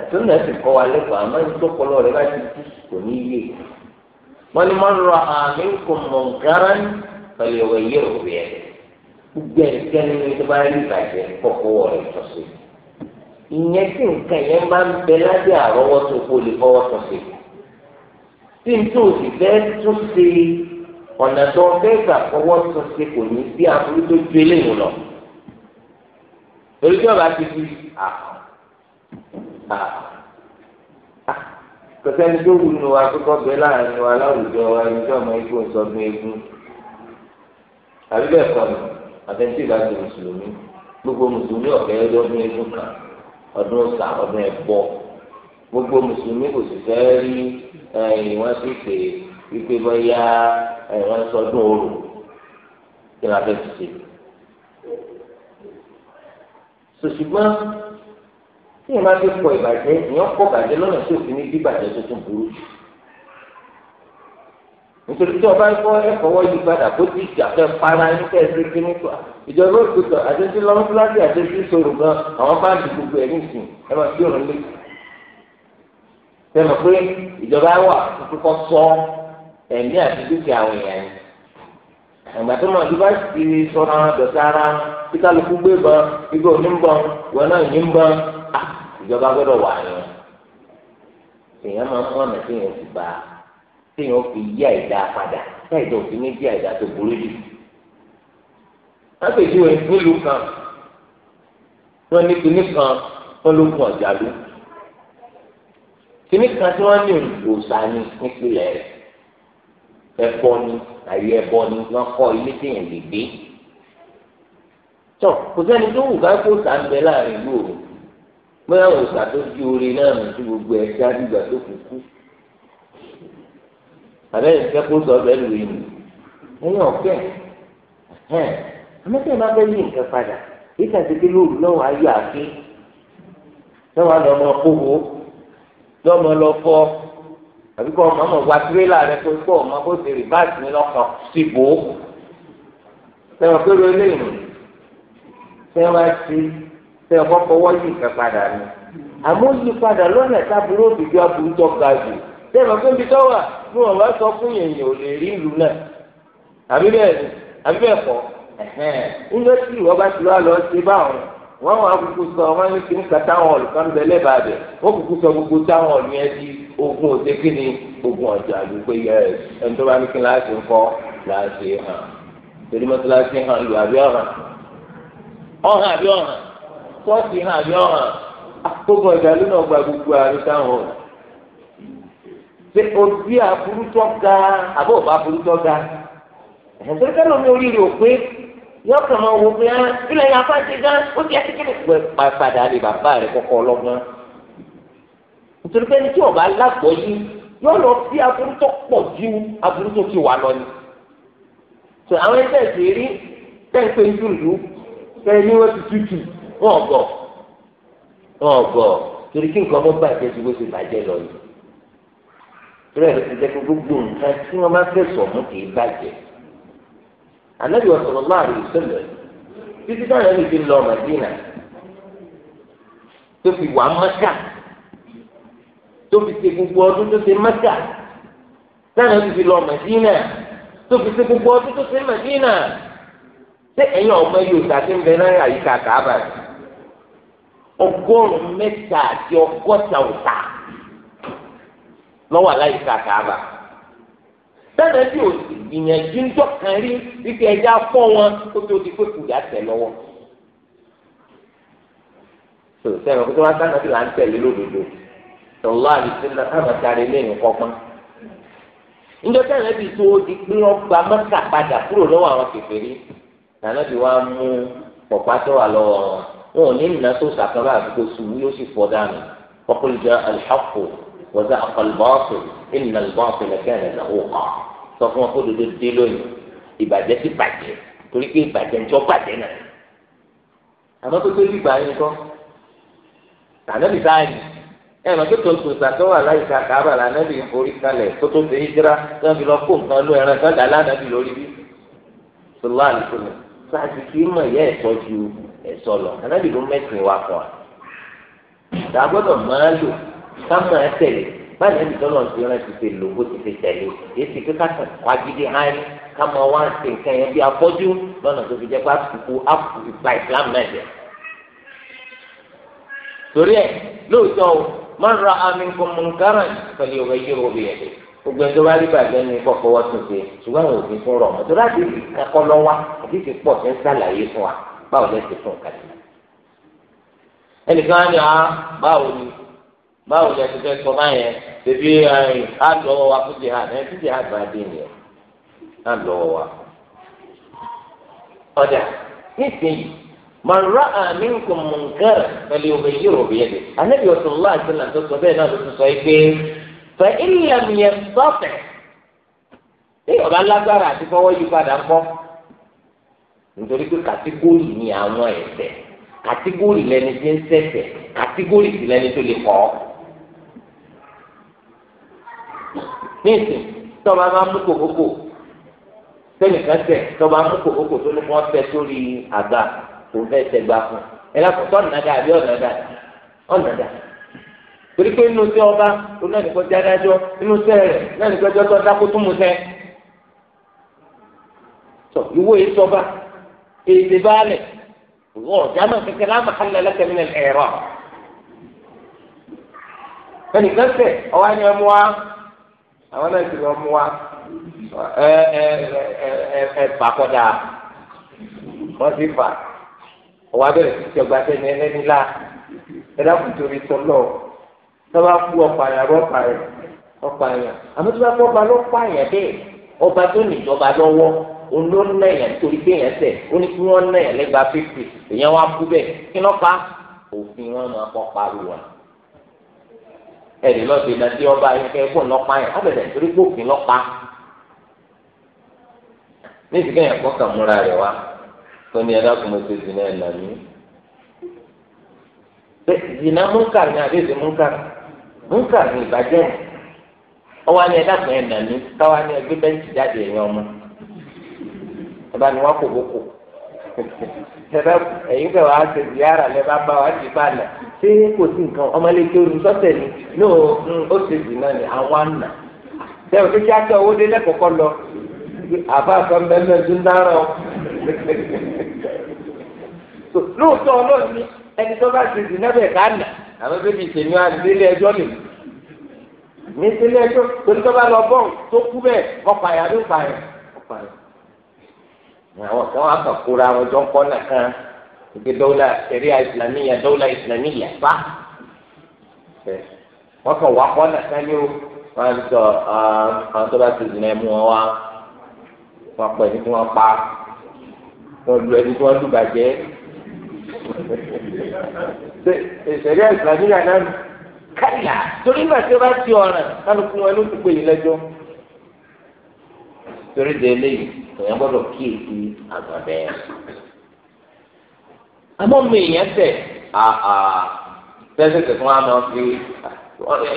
ẹtún náà sì kọ wa lẹkọọ àmọ́ ní tó kọlọ rẹ bá ti kú kò ní yé wọn ni wọn rọ àmì kò mọ nǹkan pẹlẹwẹ yẹ òwe ẹ gbogbo ẹnikẹ́ni ní tó bá rí ìbàjẹ́ kọ́kọ́ rẹ tọ̀sí ìyẹn tí nǹkan yẹn máa ń bẹ lábẹ́ àrọ́wọ́tó kó lè fọwọ́ tọ̀sí tí n tó sì fẹ́ tún ṣe ọ̀nà tó fẹ́ gbà fọwọ́ tọ̀sí kò ní bí aburú tó ju eléyìí lọ torí tí ọba ti fi kọsẹ́ni tó wù nù wa kókó bẹ́ẹ̀ láàrin wa láwùjọ wa ẹni tí ọmọ igbó sọdún egun àbí bẹ́ẹ̀ kọ́ ni àtẹ̀tí ìgbà tó mùsùlùmí gbogbo mùsùlùmí ọ̀fẹ́ ọdún egun kan ọdún ọ̀sà ọdún ẹ̀bọ gbogbo mùsùlùmí kò sì fẹ́ rí ìwọ́n sì pé wípé bọ́yá ìwọ́n sọdún òru kí ni a fẹ́ ti ṣe sòṣùgbọ́n tí ìyẹn bá fi pọ̀ ìbàjẹ́ ìyẹn pọ̀ ìbàjẹ́ lọ́nà tí òfin ní bíbàjẹ́ tuntun burú jù nítorí tí ọba ẹ̀kọ́ ẹ̀kọ́ wọ́n yí padà kó ti jà fẹ́ para ní kẹ́sì kínní kọ́ ìjọba òkúta àtẹ́sí lọ́mọ́fúlásì àtẹ́sí sòrò gan àwọn báńkì gbogbo ẹ̀ nìsín ẹ máa fi òrùn lé tẹmọ pé ìjọba wà kókó sọ ẹ̀mí àti dúkìá àwọn èèyàn yìí ẹgbà tó máa dúpá sí sọ̀rọ̀ àwọn dọ̀tà ara kí kálukú gbé bọ́ ibi òní ń bọ̀ wọn náà yìí ń bọ̀ ìjọba gbọ́dọ̀ wà yẹn èèyàn máa ń mú ọ̀nà tí èèyàn ti bá téèyàn fi yí àìdá padà láìdá òfin ní bí àìdá tó burú jù lápèjúwe nílùú kan wọn ní kinní kan wọn ló gun ọ̀jà lù kinní kan tí wọ́n ní òòsà ní nípìnlẹ̀ rẹ̀ ẹbọ ni àyè ẹbọ ni wọn kọ ilé téèyàn lè gbé tọ kò sẹ́ni tó wù ká kó sàn bẹ láàrin ìlú òru bóyá òòsà tó di oore náà nù tí gbogbo ẹ ṣá nígbà tó kù kú àbẹ́rẹ́ ìfẹ́ kó sọ bẹ́ẹ̀ lù yìí ẹ̀yìn ọ̀fẹ́ ẹ̀ amẹ́tẹ́ máa bẹ́ yí nǹkan padà yíṣà ti dé lóru lọ́wọ́ ayé àfin lọ́wọ́ lọ́mọ kóhó lọ́mọ lọ́fọ́ àbí kọ́ ọmọ ọmọ wa tirẹ́là rẹ tó kọ́ ọmọ bó ti rìbáàsì ní lọ́kàn sí bò ó sẹ́wọ̀n péré eléyìí sẹ́wọ̀n ti sẹ́wọ̀n kọ́kọ́ wọ́yì nǹkan padà ni àmọ́ yí padà lọ́nà tábúrò òbíjú aburútọ́ ga jù sẹ́wọ̀n pé ibi tọ́wà ní wọn bá sọ fún yẹ̀yẹ̀ ò lè rí ìlú náà àbí bẹ́ẹ̀ àbí bẹ́ẹ̀ kọ́ ẹ̀hẹ́n nígbà tí ìwọ bá ti lọ́ àlọ́ ṣe báwọn wọn wà kúkú sọ wọn ní kí n ka táwọn ọlù kan bẹ lẹba bẹ wọn kúkú sọ gbogbo táwọn ọlù yẹn di ogun òde kí ni ogun ọjà ló pé yẹ ẹni tó bá ní kí n láti ń kọ láti hàn torí mọ́tò láti hàn lù àbí ọ̀hàn ọ̀hàn àbí ọ̀hàn sọ́ọ̀tì hàn àbí ọ̀hàn àkókò ọjà ló náà gba gbogbo àrí táwọn ọlù ṣe òbí àfurutọ́ ga àbọ̀ òbá àfurutọ́ ga ẹ̀ńtẹ́kẹ́ yóò kàn máa wò pé ẹ ah, ilẹ̀ yẹn afá ti gán ó ti ẹsẹ̀ kékeré pé padà lè bàbá rẹ̀ kọ́kọ́ ọlọ́gbọ́n nítorí pé ẹni tí ọba lágbọ́ yìí yóò lọ sí aburú tó pọ̀ ju aburú tó ti wà lọ ni tó àwọn ẹgbẹ́ ẹ̀sìn rí tẹ́ǹpé ń dùlù kẹ́rin ní wọ́n ti tútù wọ́n gọ̀ wọ́n gọ̀ torí kí nǹkan ọmọ bàjẹ́ ti wọ́n ti bàjẹ́ lọ yìí torí ẹ̀rọ ti jẹ́ gbogbo nǹkan tí wọ́n bá fẹ́ sọ̀mù kì í bàjẹ́ anabi wa sallallahu alaihi wasallam títí táwọn ẹni fi lọ Madina tó fi wà Mẹ́kà tó fi ṣe gbogbo ọdún tó ṣe Mẹ́kà táwọn ẹni fi lọ Madina tó fi ṣe gbogbo ọdún tó ṣe Madina ṣé ẹ̀yin ọmọ yóò ṣàtì ń bẹ náà àyíká Kaaba ọgọ́rùn-ún mẹ́ta àti ọgọ́ta ọ̀tá lọ́wọ́ àláyíká Kaaba sáà bí òsì ìyànjú ń dọ̀kan rí wípé ẹja fọ́ wọn kó tó di pé kùdà tẹ̀ lọ́wọ́. tó sẹ́wọ̀n kó tó wá sáà bí là ń tẹ̀lé lódodo tọ́lá àdìsílẹ̀ káàmà sáré lẹ́yìn kọ́pọ́n. ńjọ́ sáà bí tó di pé wọ́n gba mọ́tà padà kúrò lọ́wọ́ àwọn kèfèrí nànà bí wọ́n á mú pọ̀pá tó wà lọ́wọ́ wọn ò ní nà tó sàkàrà àdúgbò sùn yóò sì fọ́ dànù kọ́kọ́lù jẹ́ alḥàkù wọ́n sọ fún wọn kó dodo dé lónìí ìbàjẹ́ sí bàjẹ́ torí pé ìbàjẹ́ ń tọ́ bàjẹ́ náà àmọ́ tó tó dìgbà yín kọ́ tànẹ́bì sáàyè ẹ lọ tó tòṣà tó wà láyé kàkàbà lànẹ́bì orí kalẹ̀ tó tó fi hijira tó ń fi lọ kó nǹkan ló ẹran kan dà lánàbì lórí bí sọlá àlùfẹ́lẹ̀ sáàtì kì í mọ̀ ìyá ẹ̀sọ́ ju ẹ̀sọ́ lọ ànábì ló mẹ́sìn wa kọ́ à máa lò ká máa tẹ̀lé báyìí níbi tọ́lọ̀ ti rán ti ṣe lò bó ti ṣe tẹ̀lé èsì pé ká tàn wá gidi hàn ká mọ wá ṣe nǹkan yẹn bí afọ́jú lọ́nà tó fi jẹ́ pé àpòkù àpòkù gba ìsìlámù náà jẹ. torí ẹ lóòótọ́ o máa ra àmì nǹkan mọ̀nkárà pẹ̀lú ọ̀rọ̀ yìí rò bí ẹ̀dẹ̀ gbogbo ẹni tó bá rí bàjẹ́ ní kọ́ fọwọ́ tún ṣe ṣùgbọ́n àwọn òfin fún rọ̀mọ́ tó láti kakọ́ báwo ni ẹ ti fẹ́ sọ báyẹn tẹ̀bí àlọ́wọ́ wa fún jihad ẹ fún jihad máa dín yẹn àlọ́wọ́ wa. ọ̀dà nísìnyí màrúwá àmì nǹkan pẹ̀lú omi yìí rò bìyẹn dé anábì ọ̀sán lọ́wọ́ àti nàá tó sọ bẹ́ẹ̀ náà ló ti sọ pé fẹ́ ìlànìyàn sọ́fẹ̀ ní ọ̀bá lágbára àti fọwọ́ yí padà kọ́ nítorí pé kàtígórì ni àwọn kàtígórì lẹni tí ń kàtígórì ní ìsìn tọ́ba máa mú kòkókò sẹ́nìkan tẹ̀ tọ́ba mú kòkókò tó ní wọ́n tẹ sórí àga tó fẹ́ tẹ gbà fún ẹ̀ lápò tọ́ nàdà àbí ọ̀nàdà ọ̀nàdà torí pé inú sí ọba oná nìkan jẹ́ adájọ́ inú sẹ́ẹ̀ rẹ̀ náà nìkan jẹ́ ọjọ́ dákó tó mu sẹ́ tọ ìwé yìí sọba èdè baálẹ̀ wọ́n jàmọ̀ kẹkẹ láàmú halẹ̀ lẹ́kẹ̀mí ẹ̀rọ ẹnìkan sẹ̀ ọwọ́ ẹni ọmọ wa àwọn náà ti lọ mú wa ẹ ẹ ẹ ẹ fà kọjá wọn ti fà wọn abẹ́rẹ́ ti jọgba sẹ́ni ẹlẹ́ni la ẹ dákun torí sọlọ tọ́ba kú ọ̀pá yẹn àbọ̀ ọ̀pá yẹn ọ̀pá yẹn àmọ́ tí wọ́n fọ́ ọba ló pa yẹn bẹ́ẹ̀ ọba tó níjọba lọ́wọ́ òun ló ná yẹn torí pé yẹn ṣẹ̀ ó ní kí wọ́n ná yẹn lẹ́gbàá fífi èèyàn wá kú bẹ́ẹ̀ kí lọ́pàá òfin wọn máa kọ́ pariwo wọn. ẹ̀rí lọ́dún náà tí ọba yẹn kẹ́ lọ́pàá yẹn ọ̀bẹ̀dẹ̀ torí gbòógì lọ́pàá. ní ìsìnkẹ́ yẹn kọ́kàn múra rẹ̀ wá tó ní ẹ̀dá ẹ̀ múnkà ni àbí múnkà múnkà ni ìbàjẹ́ ọwọ́ ni ẹ̀dá káwá ni ẹgbẹ́ bẹ́ńkì jáde ọmọ tẹ́lẹ̀ ẹ̀yin bẹ̀ wá ṣe ziyara lẹ́ bá bá wa jì balẹ̀ ṣé kò sí nǹkan ọmọlẹ́kẹ́ olùsọ́tẹ̀ ni ní o mm, ó ṣe jì náà ni àwọn àna tẹ́lẹ̀ tó kí á owó lọ àbá bẹ́ẹ̀ o lóòótọ́ ẹni tó bá ṣe náà ká nà àwọn bébí àwọn kan wà kàn kóra àwọn jọ ń kọ́ náà kan ìgbé dọ́wọ́lá eré ìsìlámíyà dọ́wọ́lá ìsìlámíyà bá wọ́n kàn wá kọ́ náà kan ní o wọ́n á sọ àwọn tó bá ti zìnà ẹ̀mú wọn wá wọ́n pẹ̀ ní kí wọ́n pa wọ́n lu ẹni tí wọ́n lù bàjẹ́ ìṣẹ̀lẹ̀ ìsìlámíyà náà kàlà torí ìgbà tí ó bá ti ọ̀ràn kálukú wọn ló ti pè é lẹ́jọ́ torí de eléyìí èèyàn gbọ́dọ̀ kíyèsí àgbàdo yẹn àmọ́ mi ìyẹn tẹ àhà tẹsẹsẹ fún wa máa fi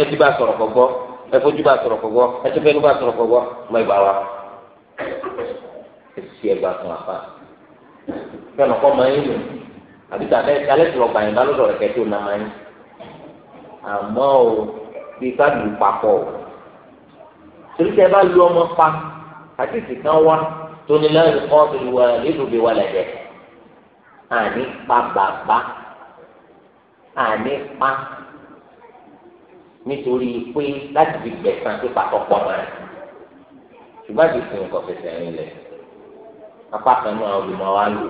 ẹtí bá sọ̀rọ̀ kọgbọ ẹfojú bá sọ̀rọ̀ kọgbọ ẹtúfẹnu bá sọ̀rọ̀ kọgbọ mọ ìgbà wa èsì ẹgbà fún wa fà fẹnu kọ máa ń yìn àbí tàbí alẹ́ sọ̀rọ̀ gbàyìn bá lọ́dọ̀ rẹ̀ kẹ́tí ò máa ń yìn o bí ká lù papọ̀ o torí tẹ bá lu ọmọ pa àtìsí kan wá tó ní lẹ́yìn kan tó lè wà nílùú wà lẹ́dẹ̀ àní pa bàbá àní pa nítorí pé láti fi gbẹ̀sán pípa ọ̀pọ̀ mọ́ rẹ̀ ṣùgbọ́n àti sìn kò fẹsẹ̀ rìn lẹ̀ apá kan náà olùmọ̀ wa lò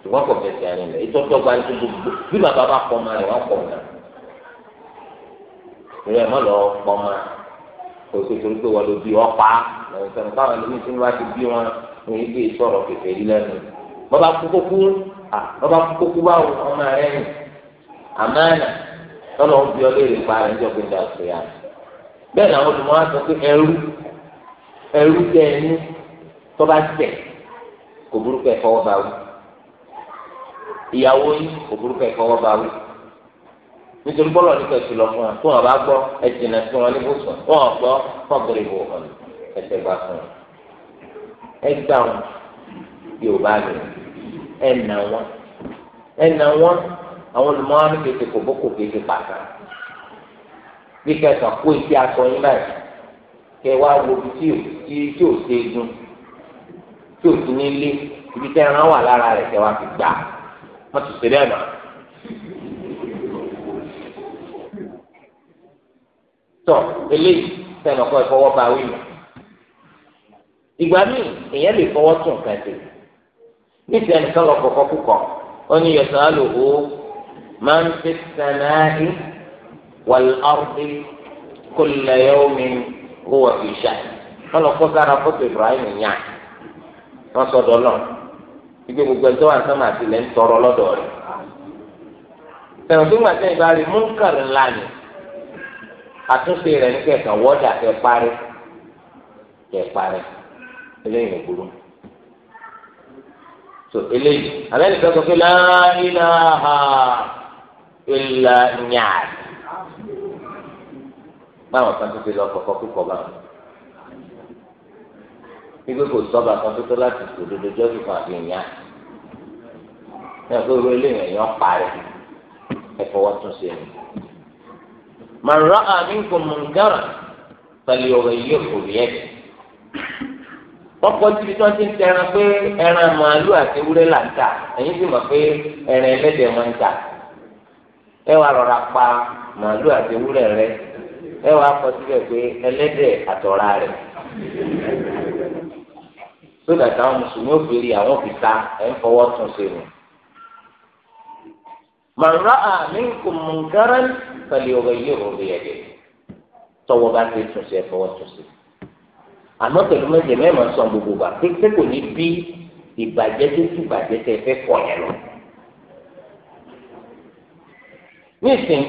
ṣùgbọ́n kò fẹsẹ̀ rìn lẹ̀ ìtọ́jọ́gba ní gbogbo bí bàbá bá pọ̀ mọ́ rẹ̀ wọ́n pọ̀ mọ́ rẹ̀ mọ́ lọ pọ̀ mọ́ kò sí torí pé wọ́n lo bí ọ́ pa á lọ́wọ́ sọ̀rọ̀ káwọn ẹlòmíì tí wọ́n ti bí wọn ní ibi ìsọ̀rọ̀ kẹfẹ́ rí lẹ́nu bọ́ba kú kókú bọ́ba kú kókú báwo ọmọ rẹ nì àmàna tọ́lọ̀ ń bí ọ léèrè pa rẹ̀ níjọ́ pé dàgbé yá bẹ́ẹ̀ làwọn olùmọ̀ á sọ pé ẹrú ẹrú jẹ́ ẹni tọ́ba tẹ̀ kò burúkú ẹ̀ fọwọ́ báwí ìyàwó yìí kò burúkú ẹ̀ fọwọ́ báwí nítorí bọ́lọ̀ ní kẹ̀sì fún wa tí wọ́n bá gbọ́ ẹ̀jìnà tí wọ́n ní bó sọ wọ́n gbọ́ fọ́gbẹ̀rẹ̀ bò wọ́n ẹsẹ̀ gbà fún un ẹ gbà wọn yorùbá mi ẹ nà wọn ẹ nà wọn àwọn olùmọ̀ọ́nì kéde kò bó kò kéde pàtà bí kẹsàn kó etí aṣọ yín báyìí kẹ wá wo ibi tí tí ò ṣe é dùn tí ò sí nílé ibi tí ẹran wà lára rẹ̀ kẹ wá fi gbà má tún ṣe bẹ́ẹ̀ náà. tọ eléyìí sẹ́nu ìfọwọ́ba wíwọ̀n ìgbà míì èèyàn lè fọwọ́ tún nǹkan ṣe níṣẹ́ nìkan lọ kọ̀kọ́ kúkọ̀ ó ní yọ̀sán àlòkù máa ń fi sànáàdì wàlárùbí kò lẹ́yọ̀ omi wọ́wọ́ fi ṣá wọ́n lọ kọ́ sára fọ́tò Ibrahim yá wọ́n sọ̀dọ̀ lọ ìgbé gbogbo ẹ̀tọ́ wà sọ́mà àtìlẹ́ ń tọrọ lọ́dọ̀ rẹ̀ tẹ̀wọ̀n tó sẹ́yìn bá rí ńlá ni àtúnṣe rẹ̀ ní kẹ̀kẹ́ wọ́dà kẹ́ parí kẹ́ parí eléyìí burú so eléyìí abẹ́ni kan sọ pé láàyè ìlà nyàd báwọn kan tó ti lọ kọ̀kọ́ kíkọ̀ báwọn wípé kò sọ́ba kan tó tó láti òdodo jọ́sí kan àti ìyá ẹ̀kọ́ ìwé eléyìí ẹ̀yàn parẹ́ ẹ̀fọ́ wọ́n tún ṣe ni. màrúwá àmì kò mọ̀ pẹ̀lú ọ̀rọ̀ yìí kò rí ẹ̀dẹ̀ wọ́n kọ́ síbi tí wọ́n ti ń tẹ ẹran pé ẹran màálù àti ewúrẹ́ là ń tà ẹ̀yin sì mọ̀ pé ẹran ẹlẹ́dẹ̀ máa ń tà ẹ wàá rọra pa màálù àti ewúrẹ́ rẹ ẹ wàá kọ́ síbẹ̀ pé ẹlẹ́dẹ̀ àtọ̀ra rẹ̀ sódà táwọn mùsùlùmí òfìrí àwọn òfìta ẹ̀ ń fọwọ́ tún sí ni. màrúwá àmínkùn mùnkárán pẹ̀lú ọ̀rọ̀ yìí rò lè tọwọ́ bá ti tún sí ẹ̀ fọwọ́ tún sí i àmọ́ pẹ̀lú mẹ́jẹ mẹ́mọ̀ sọ gbogbo gbà pé kò ní bí ìbàjẹ́ tó tù bàjẹ́ tẹ fẹ́ kọ̀ yẹn lọ. nísìnyí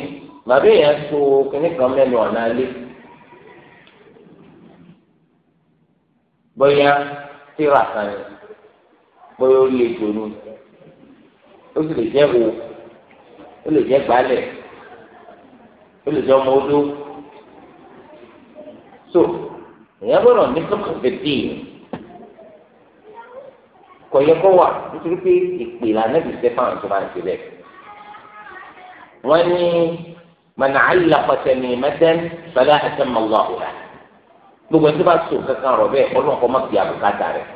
bàbá èèyàn so kinní kan mẹ́nu ọ̀nà alẹ́ bóyá tíra kan ni bóyá ó lè dòní ó sì lè jẹ́ wo ó lè jẹ́ gbálẹ̀ ó lè jẹ́ ọmọ odó èèyàn gbọ́dọ̀ ní fẹ́kọ̀ fẹ́tì kò yẹ kó wà nítorí pé ìpè lànà bí stefan tó máa ń ṣe bẹ́ẹ̀ wọ́n ní mọ̀nà àyílá pàṣẹ ní mẹ́tẹ́n sọ́dá ẹ̀sẹ̀ mọ́lá ọ̀la gbogbo ẹni tó bá so kankan rọ̀ bẹ́ẹ̀ ọlọ́run kọ́ má fi àbùkátà rẹ̀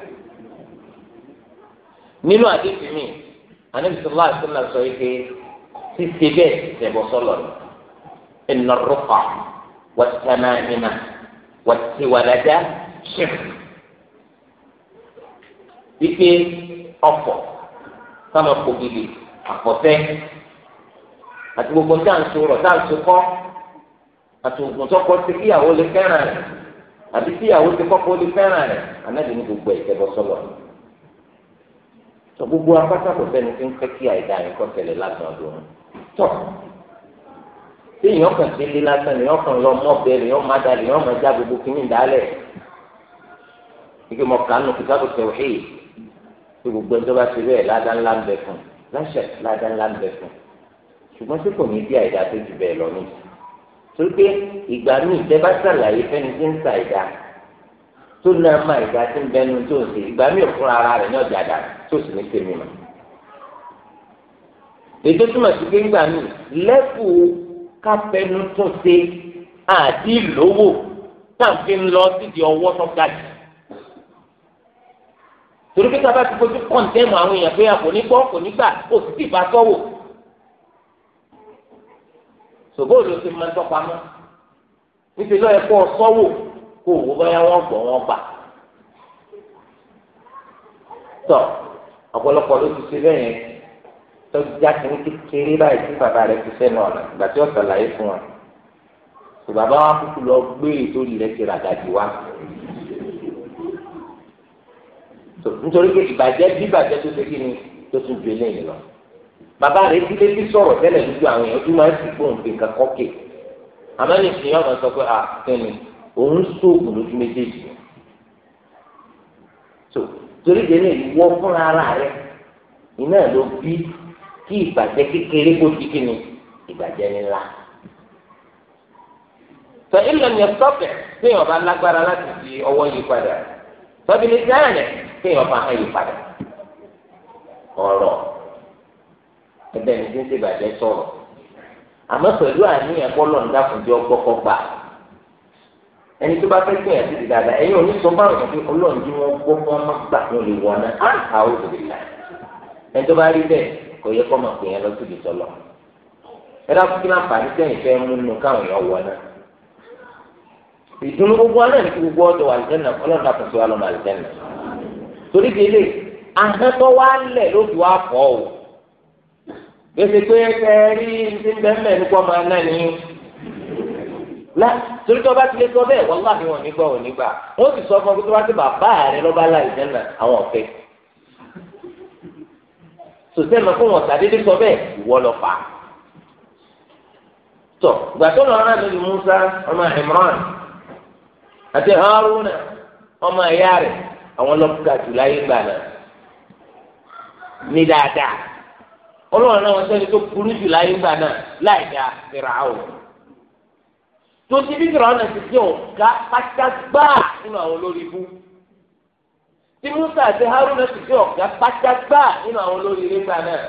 nínú àdéhùn mi anábìsọ̀lá àṣìlá sọ wípé ṣíṣe bẹ́ẹ̀ ṣẹ̀bọ̀ sọ́lọ̀ ni ìnà rúkà wọ́n ti wàlẹ́dá ṣìn wípé ọ̀pọ̀ sáma kògìlì àpọ̀tẹ́ àti gbogbo táǹsù rọ̀ táǹsù kọ́ àti ògùn tọkọ ti kíyàwó lè fẹ́ràn rẹ̀ àti kíyàwó ti kọ́kọ́ lè fẹ́ràn rẹ̀ anáàdì ní gbogbo ìtẹ́bọ̀ sọ́lọ̀ tó gbogbo apátákò sẹ́ni tí ń fẹ́ àìdá yẹn kọ́ tẹ̀lé lásán tí èèyàn kàn sí ilé lásán èèyàn kàn lọ mọ ọbẹ èèyàn má da èèyàn má já gbogbo kínní ìdálẹ ike mọ kánú kìtàbù tẹwéé tí gbogbo ẹjọ bá ti bẹ́ẹ̀ ládá ńlá ń bẹ fún láṣẹ ládá ńlá ń bẹ fún ṣùgbọ́n tí kò ní bí àìdá tó ju bẹ́ẹ̀ lọ ní torí pé ìgbà míì tẹ bá ṣàlàyé fẹ́ni tí ń sa ìdá tó náà má ìdá tí ń bẹnu tó ṣe ìgbà míì fún ara rẹ̀ ní ọjà dà tó sì ní sèmi mọ ètò túmọ̀ sí pé ńgbà míì lẹ́kùú káfẹ́nu tún ṣe àti ìlówó táǹfì ń lọ sídìí ọwọ́ tó ga jù. torí pé sábà ti fojú kọ́ńtẹ́mù àwọn èèyàn pé kò ní gbọ́ kò ní gbà kò sì tì bá sọ́wọ́. ṣòbó ló ti máa ń tọ́pamọ́ nítorí lọ́ọ́ ẹ̀kọ́ sọ́wọ́ kó òwò báyà wọ́n gbọ́ wọ́n gbà. tọ́ ọ̀pọ̀lọpọ̀ ló ti ṣe bẹ́ẹ̀ yẹn tọ́já kìíní kékeré báyìí tí bàbá rẹ̀ fi sẹ́nu ọ̀nà ìgbà tí ọ̀sán láyé fún wọn tó bàbá wa kúkú lọ gbé ètò ìrẹ́ ti ràgàjì wa nítorí pé ìbàjẹ́ bí tó ṣe kí ni tó tún ju eléyìí lọ bàbá rẹ̀ ti lé bí sọ̀rọ̀ tẹ́lẹ̀ lójú àwọn èèyàn tó máa ń sì gbóhùn pé nǹkan kọ́kè àmọ́ ní ìsìn ọ̀nà sọ pé à òun sóògùn lójú méjèèjì torí délé ìwọ fúnra rẹ̀ iná ló bí kí ìbàjẹ́ kékeré kó di kí ni ìbàjẹ́ ńlá. sọ ilẹ̀ ní ọ̀sọ́fẹ̀ téèyàn bá lágbára láti fi ọwọ́ yí padà tọ́bìlì dáhàlẹ̀ téèyàn bá hàn yí padà. ọ̀rọ̀ ẹgbẹ́ mi ti ń ṣe ìbàjẹ́ sọ̀rọ̀ àmọ́ pẹ̀lú àníyàn kọ́lọ̀ ń dákun jẹ́ ọgbọ́kọ́ gbà ẹni tó bá fẹ́ gbìyànjú ti dáadáa ẹ̀yin òní sọ báwọn ọ̀dọ́ ọlọ́run jí wọn gbọ́ wọn má gbà wọn lè wọ náà á àwọn òbí là ẹni tó bá rí bẹ́ẹ̀ kò yẹ kọ́ máa pè yẹn lọ síbi sọlọ ẹ dákun kí láǹfààní sẹ́yìn fẹ́ mú nù káwọn èèyàn wọ náà ìdùnnú gbogbo aná ní kí gbogbo ọ̀dọ̀ àlùjẹ́nà ọlọ́run dàpọ̀ sí wa lọ́mọ àlùjẹ́nà torí délé ahẹ́tọ́ wa lẹ̀ ló fi wá fọ́ o gbèsè pé ẹ rí ti ń bẹ́ẹ̀ mẹ́rin kọ́ máa náà ní la torí tí wọ́n bá ti lé sọ bẹ́ẹ̀ wọ́n láàbí wọn nígbà wọn nígbà wọ́n sì sọ fún ọ pé tí wọ́n bá ti bàbá rẹ lọ́ba àlùjẹ́nà àwọn ọ̀fẹ́ sòtẹ́ lọ fún wọn sàdédé sọ bẹ́ẹ̀ ìwọ lọ fà á. tọ gbàtọ́ lọ rán níbi Musa ọmọ Imran àti Haruna ọmọ ẹ̀yà rẹ̀ àwọn lọ́kùnkà jùlọ ayé gbà náà ní dáadáa ọlọ́run náà wọ́n sẹ́ni tó burú jùlọ ayé gbà náà láì dá Fìràwọ̀ tó ti bí Fìràwọ̀ náà ti dé òǹkà pátágbá nínú àwọn olórí ibú tí musa àti haruna ti fi ọ̀gá pátágbá nínú àwọn olórí nígbà náà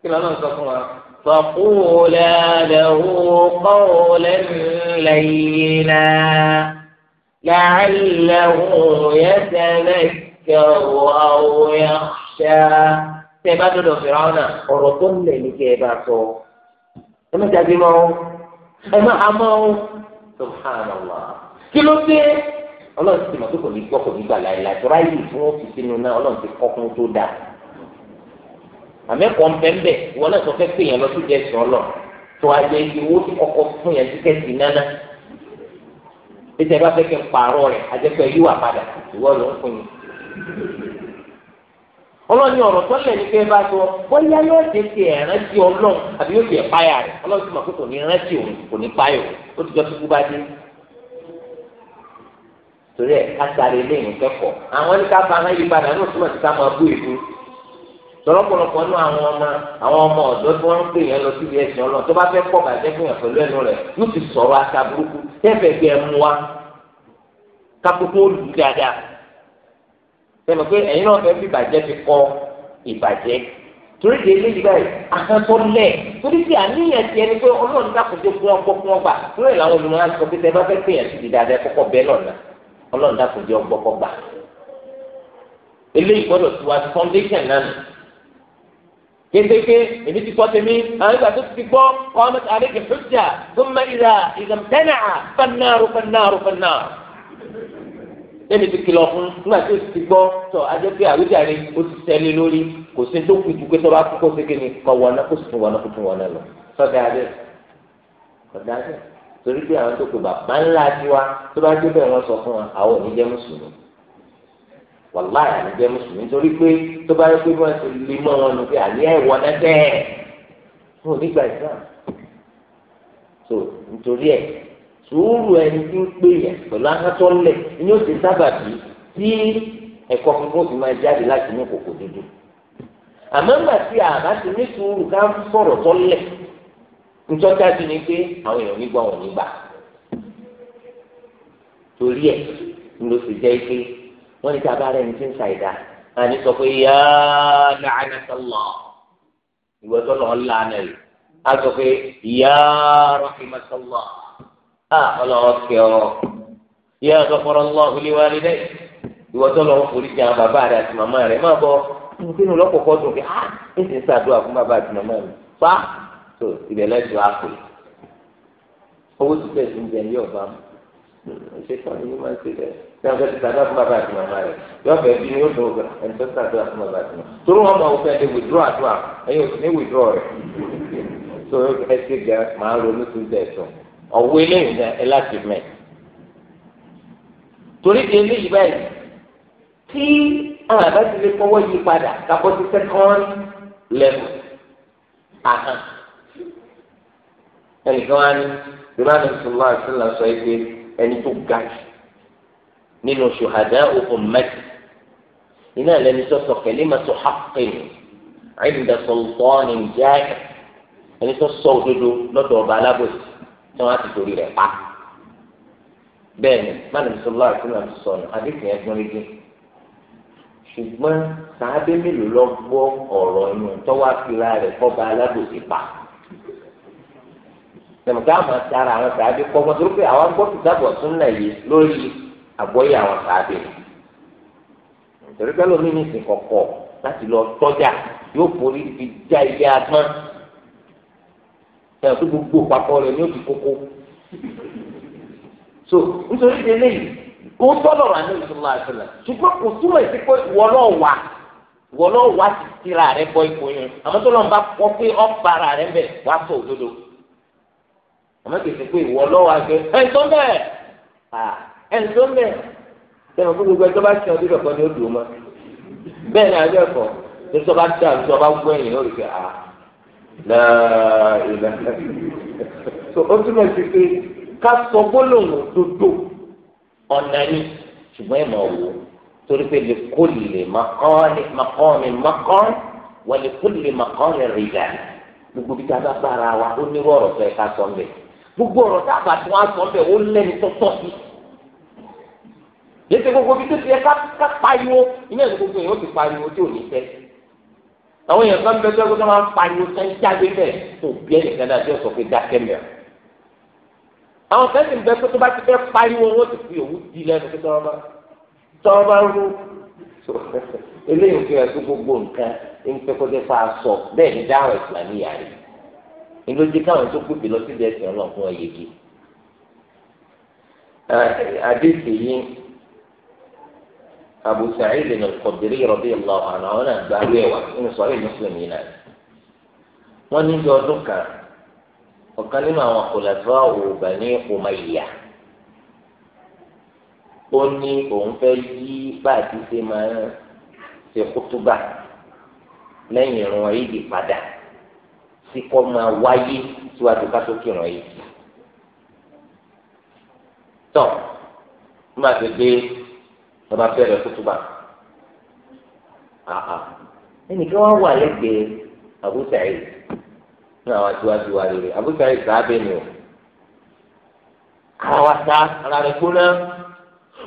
kí lọ́nà sọ fún wa. fàkúwòlá lẹ́hùn kọ́wòlẹ́ ńlẹ́yìnà làálẹ̀hùn yẹ́sẹ̀lẹ̀ kẹwò àwòyẹ ṣá. tẹ́ ẹ bá dọ̀dọ̀ fìràwọ̀nà ọ̀rọ̀ tó ń lẹ̀ ní kí ẹ bá sọ. ẹ má jáde mọ́ ẹ má hamọ́ subhanallah kí ló dé ọlọ́run ti mọ̀ pé kò ní gbọ́ kò ní gbà láyé láti ráyè tí wọ́n fi sínú náà ọlọ́run ti kọ́ fún tó dáa àmẹ́kọ̀ọ́ ńbẹ́ńbẹ́ ìwọ náà sọ fẹ́ pé èèyàn lọ sí jẹ́ sùn ọlọ́ tó a jẹ iye owó tí kọ́kọ́ fún yẹn tíkẹ́ẹ̀tì náná títí ẹ bá fẹ́ kí n pààrọ̀ rẹ̀ àjẹpẹ́ yíwà padà ìwọ ló ń fún yín ọlọ́ni ọ̀rọ̀ tó lẹ̀ ní pé bá sọ bóyá yóò ṣe ti ẹ̀rántí ọlọ́run àbí yóò ṣe ẹ̀páyà rẹ̀ ọlọ́run ti mọ̀ pé kò ní rántí òun kò ní páyà òun ó ti jọ tó kú bá dé torí ẹ̀ kásáré lé ìkẹ́kọ̀ọ́ àwọn ní ká bá yí padà ní òtún àti ká máa bú ìlú tọlọpọlọpọ nú àwọn ọmọ àwọn ọmọ ọ̀dọ́ tí wọn ń pè yẹn lọ síbi ẹsìn Ọlọ́run tó bá fẹ́ pọ bàjẹ́ fún yàn pẹ̀lú ẹnu rẹ̀ yóò ti sọ̀rọ̀ ata burúkú tẹfẹ bí ẹ mú wa kápótó lù dáadáa tẹmẹ pé ẹ̀yin náà fẹ́ fi bàjẹ́ fi kọ ìbàjẹ́ torí de eléyìí báyìí akẹ́kọ̀ọ́ lẹ̀ torí ti àníyàn ti ẹni pé Ọlọ́run dákòjó fún ọgbọ fún ọgbà torí làwọn olùmọ̀ ọlọ́run dàpọ̀ jẹ́ ọgbọ́kọ́ gbà eléyìí gbọ́dọ̀ tí wàá náà nù kéńtéké èmi ti kọ́ tèmi àwọn ìgbà tó ti gbọ́ ọmọ tàbí kì fújà gómìnà ìdá ìdàmtẹ́nà fanáàrù fanáàrù fanáàrù lẹ́mi ti kìlọ̀ fún nígbà tó ti gbọ́ tọ́ ajẹ́ pé àwíjàre ó ti sẹ́lé lórí kò sí tó kù ju pé tọ́ bá kú kó sékè ni kọ́ wọná kó sì tún wọná kó tún wọná lọ sọ́dọ̀ adé sọ́dọ̀ adé torí pé àwọn tó pe bàbá ńlá tiwa tó bá dé bẹ́ẹ̀ wọ́n sọ fún wa àwọn ò ní jẹ́ mùsùlùmí wàláì àní jẹ́ mùsùlùmí torí pé tó bá yẹ pé wọ́n ti lè mọ́ wọn nù pé àní ẹ̀wọ́ dẹ́dẹ́ wọn ò ní gba so nítorí ẹ̀ sùúrù ẹni tí ń pè yẹn pẹ̀lú ahọ́tọ́lẹ̀ ni ó ti sábàbí tí ẹ̀kọ́ funfun fi máa jáde láti inú kòkò dúdú àmọ́ ńgbà tí àbá ti ní sùúrù ká ń sọ̀rọ̀ tọ́lẹ̀ ntọ́jáde ni pé àwọn èèyàn nígbà wọn nígbà torí ẹ̀ ló sì jẹ́ pé wọ́n ní tábà rẹ̀ ní ti ń sa ìdá àní sọ pé yá làánà sọlọ ìwé tó lọ làánà rẹ̀ á sọ pé yá rọ́kìmá sọlọ á ọlọ́wọ́ kẹ́ ọ yá sọfọ́rọ́ lọ́hùn lé wálé dẹ́ ìwé tó lọ forí jẹ́ àwọn bàbá rẹ̀ àti màmá rẹ̀ má bọ̀ nínú lọ́kọ̀ọ́kọ́ dùn pé a ah, ń sì ń sàdúrà fún bàbá àti màmá rẹ̀ pa tó ibẹ̀ lẹ́jọ́ àpè owó títẹ̀ sí ń jẹ ní ọ̀bá ṣe kọ́ ni yín máa ń ṣe bẹ́ẹ̀ tí wọ́n fẹ́ ti sàdúrà fún bàbá àti màmá rẹ̀ yóò fẹ́ bí ní ó dùn ọ̀gá ẹni tó sàdúrà fún bàbá àti màmá torí wọn máa fẹ́ lè withdraw àdúrà ẹ̀yin ò sì ní withdraw rẹ̀ tó ẹ ṣe gẹ máa ronú tó dẹ̀ tó ọ̀wé lẹ́yìn náà ẹ láti mẹ́ torí di eléyìí báyìí tí àwọn àbá ti lè fọwọ́ yí padà kápọ́ ti second level ahàn ẹnìkan wá ní ìbáraẹni sọlá àṣìlá sọ pé ẹni tó ga jù nínú ṣùhàdá òkun mẹ́tì iná ẹlẹ́ni tó sọ pẹ̀lú ìmọ̀tò hapkin ẹ̀yìndà sọ̀tọ́ọ̀nì jáì ẹni tó sọ òdodo lọ́dọ̀ ọba alábòsí tí wọ́n á ti torí rẹ̀ pa bẹ́ẹ̀ ni ìbáraẹni sọlá àṣìlá sọ ọ̀nà àdéhùn ẹ̀gbọ́n rí ṣùgbọ́n sàábé mélòó lọ ọ̀rọ̀ inú tọ́wọ́ àfìlà tẹ̀mọ̀tà àmọ̀ tara àwọn sàábì kọ́kọ́ torí pé àwọn gbọ́ kìtàbọ̀ súnà yìí lórí àgbọ́yé àwọn sàábì nítorí pé lómi ní ìsìn kọ̀kọ̀ láti lọ tọ́jà yóò forí fi já ilé agbọ́n ẹ̀rọ tó gbogbo papọ̀ rẹ̀ ní òbí kókó so nítorí pé eléyìí kó tọ́lọ̀ rà ní ìṣúná àṣẹlẹ̀ ṣùgbọ́n kò túmọ̀ sí pé wọlọ́ọ̀wà wọlọ́ọ̀wà ti tira rẹ̀ bọ́ ipò àmọ́ tó lọ́n bá kọ́ pé ọ́ para rẹ̀ bẹ̀ wá sọ òdodo àmọ́ kìí ṣe pé ìwọ lọ́wọ́ àgbẹ̀ ẹ̀ńtọ́ mẹ́ẹ̀ ẹ̀ńtọ́ mẹ́ẹ̀ sẹ́wọ̀n fún gbogbo ẹjọ́ bá ṣe ọdún ìrọ̀kọ́ ni ó dùn mọ́ bẹ́ẹ̀ ni àjọ ẹ̀kọ́ ní sọ́ba tí a sọ bá gbọ́ ẹ̀yìn lórí kẹ́ à láàrínà so ó túmọ̀ sí pé ká sọ gbólóhùn dodo ọ̀nà ni ṣùgbọ́n ẹ̀ mọ̀ wò torí pé lè kó lè makọ́ni makọ́ni makọ́ni wọ́n lè kó lè makọ́ni rìgà gbogbo bí ká bá bára wa ó ní wọ́ọ̀rọ̀ fẹ́ ká sọ mbẹ́ gbogbo ọ̀rọ̀ tá a bá tí wọ́n á sọ ọ́ bẹ̀ ó lẹ́nu tọ́tọ́ sí. yéé ṣe gbogbo bí tó ti yẹ ká pariwo iná ìlú gbogbo yẹn ó ti pariwo tí ò ní fẹ́. àwọn èèyàn kan bẹ tẹ́kọ̀ tó máa ń pariwo tó ń jáde bẹ́ẹ̀ tó bí ẹnì kan náà tí ó sọ pé dákẹ́ mẹ́rin. àwọn kan sì ń bẹ pé tó bá ti fẹ́ pariwo wọ́n ti fi òwú di lẹ́nu pé tọ́wọ́ bá tọ́wọ́ bá rú. <laughs> eléyìí fi hàn gbogbo nǹkan ń fẹ́ kó ìlú jẹ́ káwọn tó pèpè lọ síbi ẹ̀sìn ọlọ́run fún ọ̀yẹ́gì. àdéhùn yìí Abu Sa'id al-Khudri radiyallahu anhu àwọn náà gba awé wa nínú sọ̀rọ̀ mùsùlùmí náà. wọ́n ní bí ọdún kan ọ̀kan nínú àwọn kòlẹ́fà òògùn ní Umayya ó ní òun fẹ́ yí báàdì ṣe máa ṣe kútúbà lẹ́yìn ìrún ayídì padà tí kò máa wáyé síwájú ká tó kírun yìí. tọ́ nígbà tó dé ọba fẹ́rẹ̀ kútùbà àhà ẹnìkan wá wà lẹ́gbẹ̀ẹ́ Abu Sa'id ní àwọn àtiwájú wa rere Abu Sa'id sáábẹ́ ni o ara wa ta ara rẹ̀ gbóná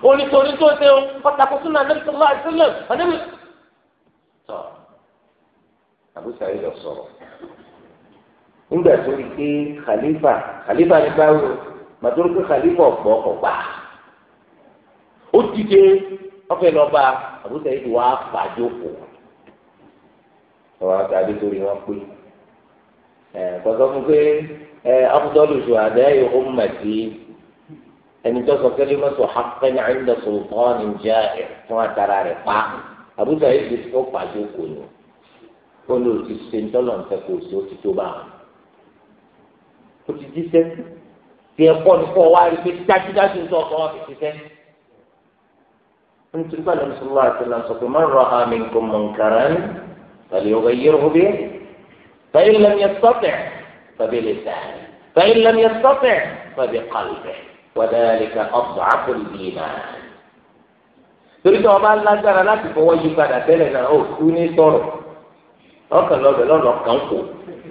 onítorí tó ṣe pàtàkì sínú anẹ́bí sọlá àti sílẹ̀ anẹ́bí. tọ́ Abu Sa'id lọ sọ̀rọ̀ nígbà tó rí pé khalifa khalifa ní báwo màtúrú pé khalifa ọ̀pọ̀ ọ̀pọ̀ gbà ó dìde ọ̀fẹ́ lọ́ba àbúté yìí wàá fàájókòó wọn àti torí wọn pé ẹ kọsọ fún pé ẹ afudọlu suhada yìí ó mà sí ẹni tó sọ kẹlẹ mọsọ hafẹn ẹnda sultani jẹ ẹ fún atara rẹ pa àbúrò yìí ti fọ pàjọ kò ní ó lò ti ṣe ńtọ́lọ̀ ń fẹ́ kó o sí ó ti tó báwọn kò ti jíṣẹ́ tí ẹ kọ́ ni kọ́ wá rí pé dájúdájú ń sọ ọkọ wọn fi jíṣẹ́. ń tún bàlẹ̀ mùsùlùmí àti làǹsọ̀ pé má rọ àmì nǹkan mọ̀ nǹkaran tàbí ọ̀gá yẹ ọ́ bí fàyè lẹ́nu yẹ sọ́tẹ̀ fàbí lè sàn fàyè lẹ́nu yẹ sọ́tẹ̀ fàbí kàlùbẹ̀ wàdàlíkà ọ̀bọ̀ àkùnbìnà. torí tí wọn bá lágbára láti fọwọ́ yí padà tẹ́lẹ̀ náà ó tú ní sọ̀rọ̀ ọkàn lọ́bẹ̀ lọ́nà kan kò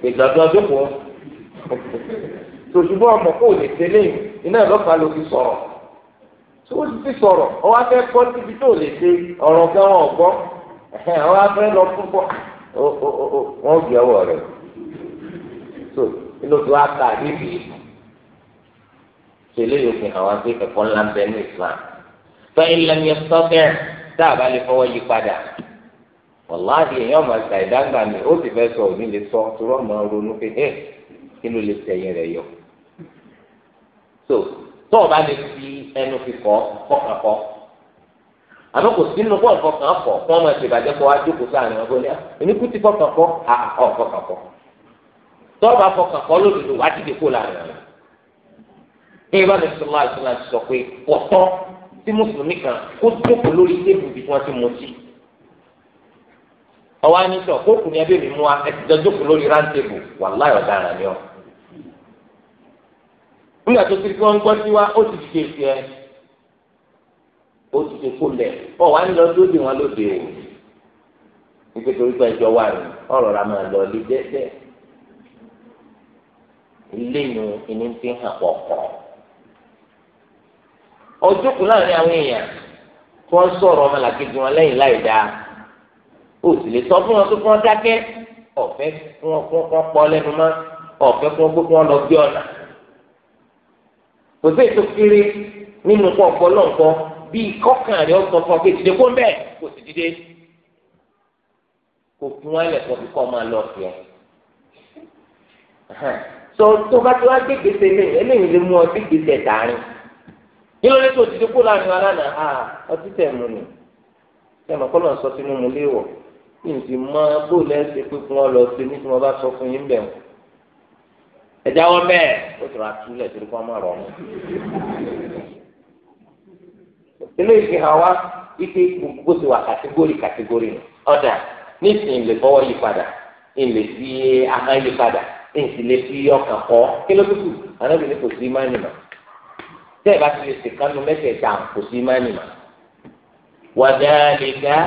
ìgbàgbọ́ tòṣùgbọ́n ọmọ kò lè tẹ́lẹ̀ iná ìlọ́pàá ló fi sọ̀rọ̀ tí ó ti sọ̀rọ̀ ọ wá fẹ́ kọ́ síbi tó lè ṣe ọ̀rọ̀ gan ọ̀gbọ́ ọ wá fẹ́ lọ púpọ̀ wọ́n gbé ọwọ́ rẹ̀ so inú tó wá ká àdébì tẹ́lẹ̀ yóò fi hàn wá pé ẹ̀kọ́ ńlá ń bẹ ní Islam fẹ́ ilẹ̀ yẹn sọ́kẹ́ tá a bá lè fọwọ́ yí padà wàláhì èèyàn máa ṣàìdáǹgbà mi ó sì fẹ́ sọ òní lè sọ tó rọ́ mọ́ ronú pé kí ló lè tẹ̀yìn rẹ̀ yọ. so tó o bá lè fi ẹnu fi kọ́ kọ́kàn kọ́ àmọ́ kò sínú kọ́ ọ̀kọ̀kan kọ́ kí wọ́n máa ṣe ìbàjẹ́ kọ́ wájú kò sáà ní wọn fún mi èmi kú ti kọ́kàn kọ́ ọ̀kọ̀kan kọ́ tó o bá kọ́kàn kọ́ lódodo wá ti dèkó láàrin rẹ̀ ní ìbánu sọlá àti sọlá sọ pé ọ̀tọ́ tí mùsùlùmí kan kó jókòó lórí téèpù bí wọ́n ti mú sí ọwọ́ anisọ kókù ni ẹbí mi mú wa ẹ ti dọjú kù lórí rántébù wàláyé ọ̀daràn ni ọ. nígbà tó ti kí wọ́n ń gbọ́ sí wa ó ti fi kéèké ẹ ó ti fi kó lẹ̀ ọ̀ wá ń lọ lóde wọn lóde o nígbà tó gbọ́ ẹjọ́ wà ní ọ̀rọ̀ ra máa lọ lé dẹ́dẹ́ ilé nu fi hàn pọ̀pọ̀ ọjọ́ láàrin àwọn èèyàn tí wọ́n sọ̀rọ̀ ọmọlàkejì wọn lẹ́yìn láì dáa o sì lè sọ fún wọn tó fún wọn dákẹ́ ọ̀fẹ́ fún wọn fún wọn pọ̀ lẹ́nu mọ́ ọ̀fẹ́ fún wọn gbogbo wọn lọ gbé ọ̀nà kò sí ètò kiri nínú kọ́ ọ̀pọ̀lọ́ nǹkan bíi kọ́kàn rẹ̀ ọ̀sán fún ọ pé dìde kó ń bẹ̀ kò sì dìde kò fún wọn lẹ̀ fún kọ́ máa lọ sí ọ. sọ tó bá ti wá gbé gbèsè lẹ́yìn eléyìí lè mú ọ sí gbèsè dàrin nínú lẹ́tọ̀ òdìdí kó láàrin wa lánàá ah, ọtí tẹ̀ mú ni tẹ̀ mọ́ kọ́ lọ́n sọ sínú mu léèwọ̀ kí n sì mọ bó lẹ́sẹ̀ pé kí wọ́n lọ sí ní tí wọ́n bá sọ fún yín bẹ̀ wọ́n. ẹ̀dá wọn bẹ́ẹ̀ ó tọrọ àtúlẹ̀ torí kọ́ máa rọ̀ wọn. eléyìí fi hàn wá ike gbogbo ti wà kàtígórì kàtígórì nù ọ̀dà nísìnyí lè fọwọ́ yí padà ìlè fi ahọ́n yí padà èsì lè fi ọkàn kọ́ kí ló dúkù ànábìrin kò sí má nìmọ̀ tẹ́ẹ̀ bá ti lè sèkánu mẹ́tẹ̀ẹ̀ta kò sí má nìmọ̀ wàdà lè ga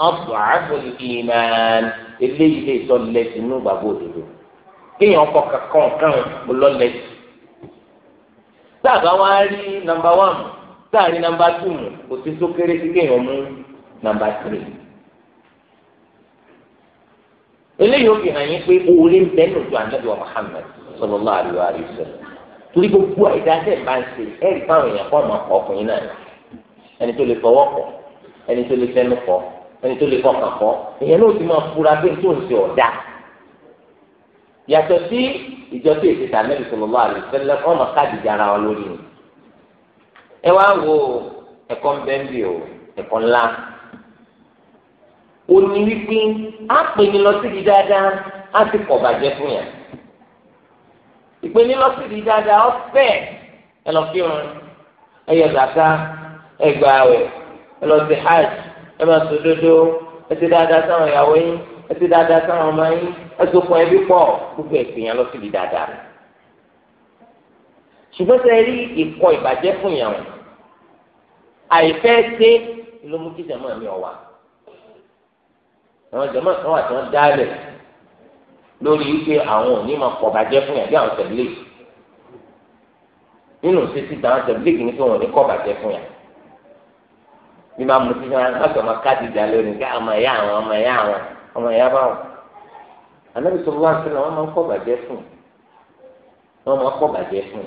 ad'afu al-iman eléyìí lè sọ lẹ́sìn inú gbàgbọ́ òdodo kéèyàn kọ kankan kan lọ́lẹ́sìn sáàbà wa rí nàmbà wàn sáàrí nàmbà tù mù kò sí tó kéré sí kéèyàn mú nàmbà tìrì eléyìí ó fi hàn yín pé oore ń bẹ nínú ju anabi wa Muhammad sallallahu alaihi wa sallam torí gbogbo àìdáṣẹ bá ń ṣe ẹ̀rí fáwọn èèyàn kọ ọmọ ọkùnrin náà ẹni tó lè fọwọ́ kọ ẹni tó lè fẹnu kọ ẹni tó lè fọkàn kọ́ ìyẹn náà ti máa fura pé tó ń ṣe ọ̀dà yàtọ̀ sí ìjọ tó èsì tàmílì sallallahu alaihi wasallam ọmọ káàdì jara wọn lórí ni ẹ wá wo ẹ̀kọ́ bẹ́ńbì o ẹ̀kọ́ ńlá ó ní wípé á pè ní lọ síbi dáadáa á sì pọ̀ bàjẹ́ fún yàn ìpè ní lọ síbi dáadáa ọ fẹ́ ẹ lọ kírun ẹ yọ zàká ẹ gbà àwẹ̀ ẹ lọ sí hajj ẹ máa sọ dodo ẹ ti dáadáa sáwọn ìyàwó yín ẹ ti dáadáa sáwọn ọmọ yín ẹ tó fún ẹbí pọ̀ gbogbo ẹ̀sìn yẹn lọ síbi dáadáa ṣùgbọ́n sẹ́ rí ìkọ ìbàjẹ́ fún yàn àìfẹ́ ṣe ló mú kí jẹ̀mọ́ mi ọ̀wà àwọn jẹ̀mọ́ kan wà tí wọ́n dálẹ̀ lórí wípé àwọn ò ní máa kọ̀ bàjẹ́ fún yàn bí àwọn tẹ̀lé nínú ṣe ti dáhùn tẹ̀lé kì ní kí wọ́n ò ní kọ̀ bàjẹ́ fún yàn ní máa mú títí wọn lọ́sọ̀ máa ká dìjà lónìí kí ọmọ ẹ̀yà àwọn ọmọ ẹ̀yà àwọn ọmọ ẹ̀yà báwọn. ànábì sọ wá sí wọn máa ń kọ́ bàjẹ́ fún wọn máa ń kọ́ bàjẹ́ fún